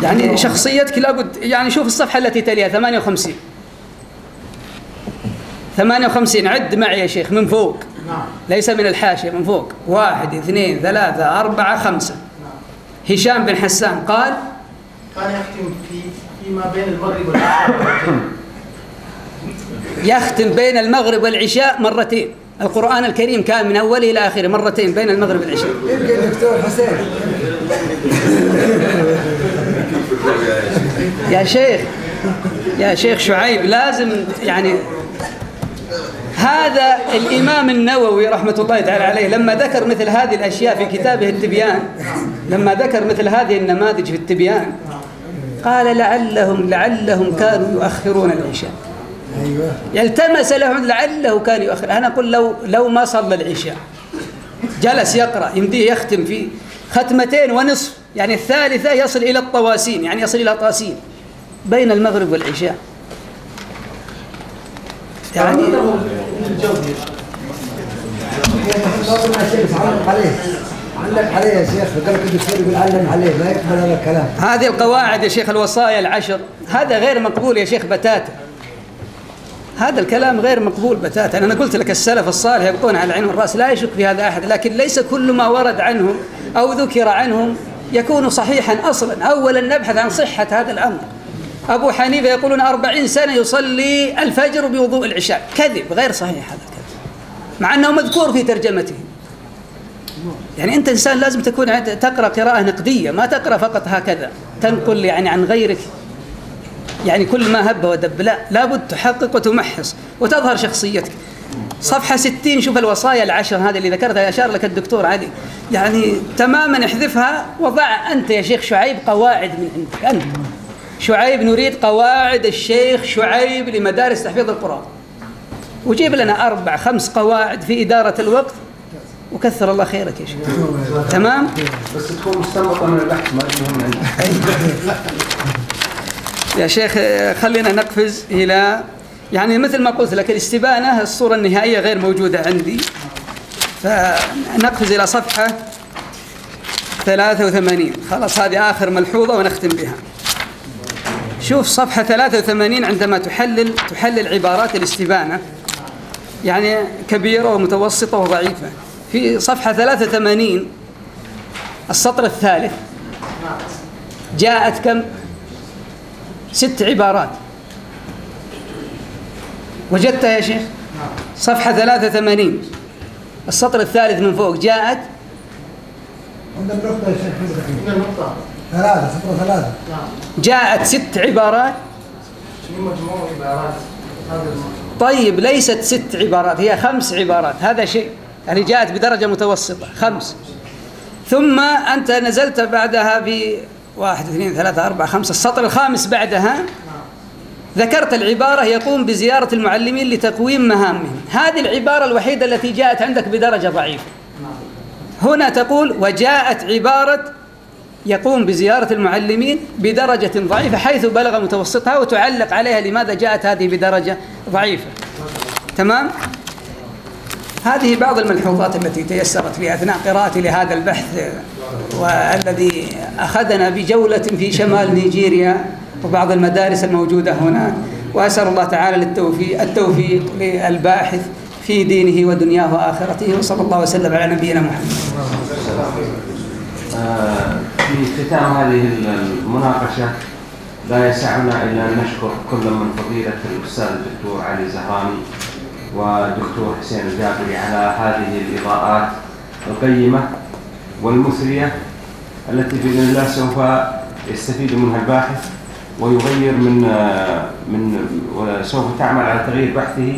يعني شخصيتك لابد يعني شوف الصفحة التي تليها 58 58 عد معي يا شيخ من فوق ليس من الحاشية من فوق واحد اثنين ثلاثة أربعة خمسة هشام بن حسان قال كان يختم في فيما بين البر والبحر يختم بين المغرب والعشاء مرتين القرآن الكريم كان من أوله إلى آخره مرتين بين المغرب والعشاء يبقى الدكتور حسين يا شيخ يا شيخ شعيب لازم يعني هذا الإمام النووي رحمة الله تعالى عليه لما ذكر مثل هذه الأشياء في كتابه التبيان لما ذكر مثل هذه النماذج في التبيان قال لعلهم لعلهم كانوا يؤخرون العشاء أيوة. التمس له لعله كان يؤخر أنا أقول لو لو ما صلى العشاء جلس يقرأ يمديه يختم في ختمتين ونصف يعني الثالثة يصل إلى الطواسين يعني يصل إلى طاسين بين المغرب والعشاء يعني علق عليه يا شيخ قال يقول علم عليه ما يقبل هذا الكلام هذه القواعد يا شيخ الوصايا العشر هذا غير مقبول يا شيخ بتاتا هذا الكلام غير مقبول بتاتا أنا قلت لك السلف الصالح يبقون على العين والرأس لا يشك في هذا أحد لكن ليس كل ما ورد عنهم أو ذكر عنهم يكون صحيحا أصلا أولا نبحث عن صحة هذا الأمر أبو حنيفة يقولون أربعين سنة يصلي الفجر بوضوء العشاء كذب غير صحيح هذا الكذب مع أنه مذكور في ترجمته يعني أنت إنسان لازم تكون تقرأ قراءة نقدية ما تقرأ فقط هكذا تنقل يعني عن غيرك يعني كل ما هب ودب لا لابد تحقق وتمحص وتظهر شخصيتك صفحة 60 شوف الوصايا العشر هذه اللي ذكرتها أشار لك الدكتور علي يعني تماما احذفها وضع أنت يا شيخ شعيب قواعد من عندك أنت شعيب نريد قواعد الشيخ شعيب لمدارس تحفيظ القرآن وجيب لنا أربع خمس قواعد في إدارة الوقت وكثر الله خيرك يا شيخ تمام بس تكون مستنبطة من البحث ما [laughs] يا شيخ خلينا نقفز إلى يعني مثل ما قلت لك الاستبانة الصورة النهائية غير موجودة عندي فنقفز إلى صفحة 83 خلاص هذه آخر ملحوظة ونختم بها شوف صفحة 83 عندما تحلل تحلل عبارات الاستبانة يعني كبيرة ومتوسطة وضعيفة في صفحة 83 السطر الثالث جاءت كم؟ ست عبارات وجدتها يا شيخ صفحة 83 السطر الثالث من فوق جاءت عند النقطة يا شيخ ثلاثة سطر ثلاثة جاءت ست عبارات مجموع عبارات طيب ليست ست عبارات هي خمس عبارات هذا شيء يعني جاءت بدرجة متوسطة خمس ثم أنت نزلت بعدها في واحد اثنين ثلاثة أربعة خمسة السطر الخامس بعدها ذكرت العبارة يقوم بزيارة المعلمين لتقويم مهامهم هذه العبارة الوحيدة التي جاءت عندك بدرجة ضعيفة هنا تقول وجاءت عبارة يقوم بزيارة المعلمين بدرجة ضعيفة حيث بلغ متوسطها وتعلق عليها لماذا جاءت هذه بدرجة ضعيفة تمام؟ هذه بعض الملحوظات التي تيسرت لي أثناء قراءتي لهذا البحث والذي أخذنا بجولة في شمال نيجيريا وبعض المدارس الموجودة هنا وأسأل الله تعالى للتوفيق التوفيق للباحث في دينه ودنياه وآخرته وصلى الله وسلم على نبينا محمد آه، في ختام هذه المناقشة لا يسعنا إلا أن نشكر كل من فضيلة الأستاذ الدكتور علي زهراني والدكتور حسين الجابري على هذه الإضاءات القيمة والمثرية التي بإذن الله سوف يستفيد منها الباحث ويغير من من وسوف تعمل على تغيير بحثه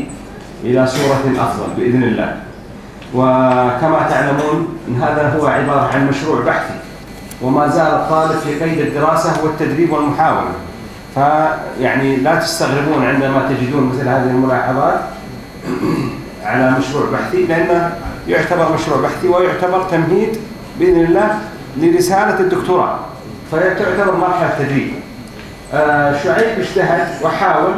إلى صورة أفضل بإذن الله وكما تعلمون أن هذا هو عبارة عن مشروع بحثي وما زال الطالب في قيد الدراسة والتدريب والمحاولة فيعني لا تستغربون عندما تجدون مثل هذه الملاحظات على مشروع بحثي لأنه يعتبر مشروع بحثي ويعتبر تمهيد بإذن الله لرسالة الدكتوراه فهي تعتبر مرحلة تدريب آه، شعيب اجتهد وحاول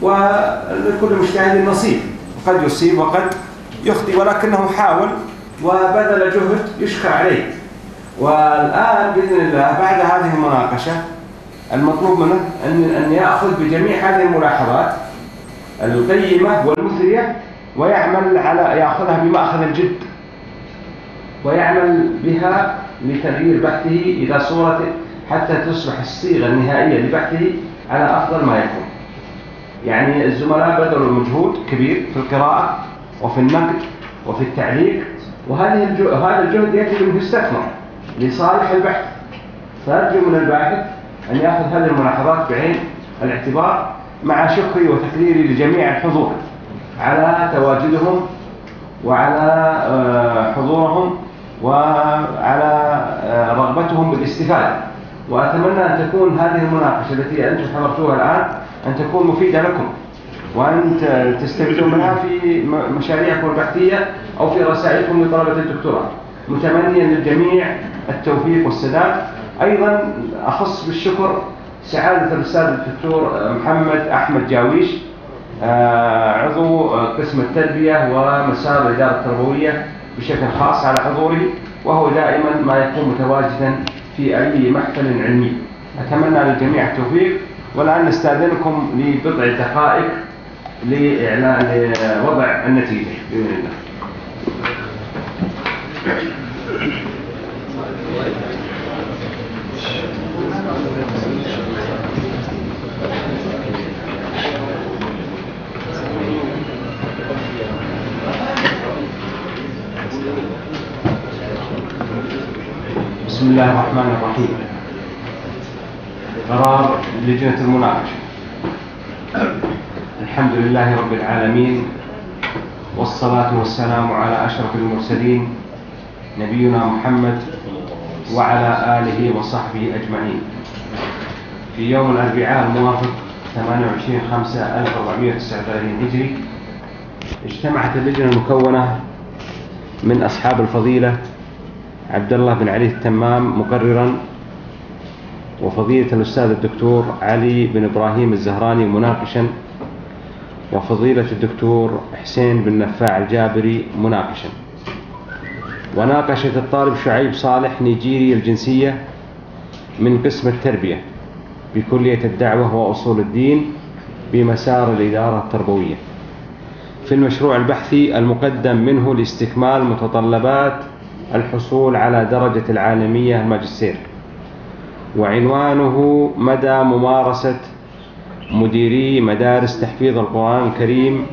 ولكل مجتهد نصيب قد يصيب وقد يخطئ ولكنه حاول وبذل جهد يشكى عليه والآن بإذن الله بعد هذه المناقشة المطلوب منه أن أن يأخذ بجميع هذه الملاحظات القيمة والمثرية ويعمل على يأخذها بمأخذ الجد ويعمل بها لتغيير بحثه إلى صورته حتى تصبح الصيغة النهائية لبحثه على أفضل ما يكون يعني الزملاء بذلوا مجهود كبير في القراءة وفي النقد وفي التعليق وهذه الجهد هذا الجهد يجب أن يستثمر لصالح البحث فأرجو من الباحث أن يأخذ هذه الملاحظات بعين الاعتبار مع شكري وتقديري لجميع الحضور على تواجدهم وعلى آه، حضورهم وعلى آه، رغبتهم بالاستفادة وأتمنى أن تكون هذه المناقشة التي أنتم حضرتوها الآن أن تكون مفيدة لكم وأن تستفيدوا منها في مشاريعكم البحثية أو في رسائلكم لطلبة الدكتوراه متمنيا للجميع التوفيق والسداد أيضا أخص بالشكر سعادة الأستاذ الدكتور آه، محمد أحمد جاويش آه، عضو قسم التربية ومسار الإدارة التربوية بشكل خاص على حضوره وهو دائما ما يكون متواجدا في أي محفل علمي أتمنى للجميع التوفيق والآن نستأذنكم لبضع دقائق لإعلان لوضع النتيجة بإذن الله Thank [laughs] you. بسم الله الرحمن الرحيم قرار لجنة المناقشة الحمد لله رب العالمين والصلاة والسلام على أشرف المرسلين نبينا محمد وعلى آله وصحبه أجمعين في يوم الأربعاء الموافق 28 5 1439 هجري اجتمعت اللجنة المكونة من أصحاب الفضيلة عبد الله بن علي التمام مقررا وفضيلة الأستاذ الدكتور علي بن إبراهيم الزهراني مناقشا وفضيلة الدكتور حسين بن نفاع الجابري مناقشا وناقشت الطالب شعيب صالح نيجيري الجنسية من قسم التربية بكلية الدعوة وأصول الدين بمسار الإدارة التربوية في المشروع البحثي المقدم منه لاستكمال متطلبات الحصول على درجة العالمية الماجستير وعنوانه مدى ممارسة مديري مدارس تحفيظ القرآن الكريم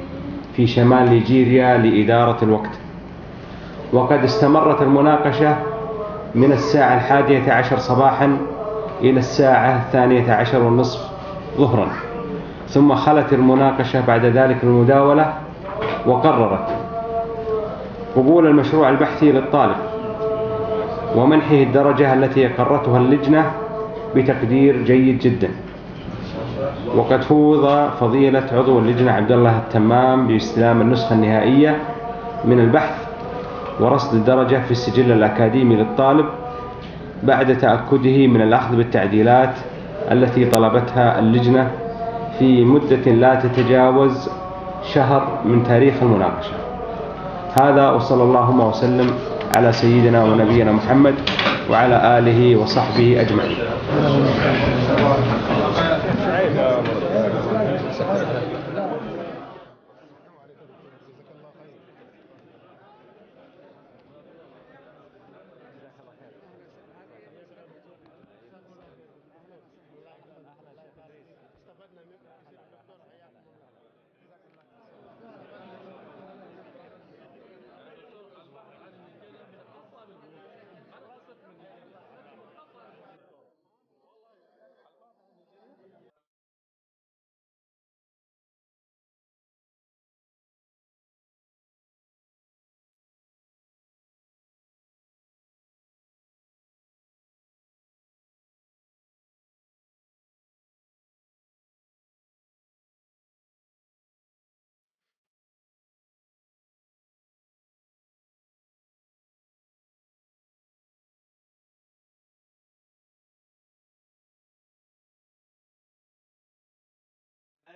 في شمال نيجيريا لإدارة الوقت وقد استمرت المناقشة من الساعة الحادية عشر صباحا إلى الساعة الثانية عشر والنصف ظهرا ثم خلت المناقشة بعد ذلك المداولة وقررت قبول المشروع البحثي للطالب ومنحه الدرجة التي قرتها اللجنة بتقدير جيد جدا وقد فوض فضيلة عضو اللجنة عبد الله التمام باستلام النسخة النهائية من البحث ورصد الدرجة في السجل الأكاديمي للطالب بعد تأكده من الأخذ بالتعديلات التي طلبتها اللجنة في مدة لا تتجاوز شهر من تاريخ المناقشة هذا وصلى اللهم وسلم على سيدنا ونبينا محمد وعلى آله وصحبه أجمعين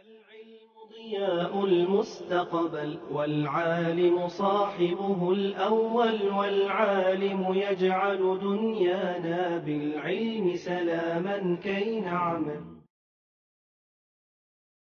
العلم ضياء المستقبل والعالم صاحبه الأول والعالم يجعل دنيانا بالعلم سلاما كي نعمل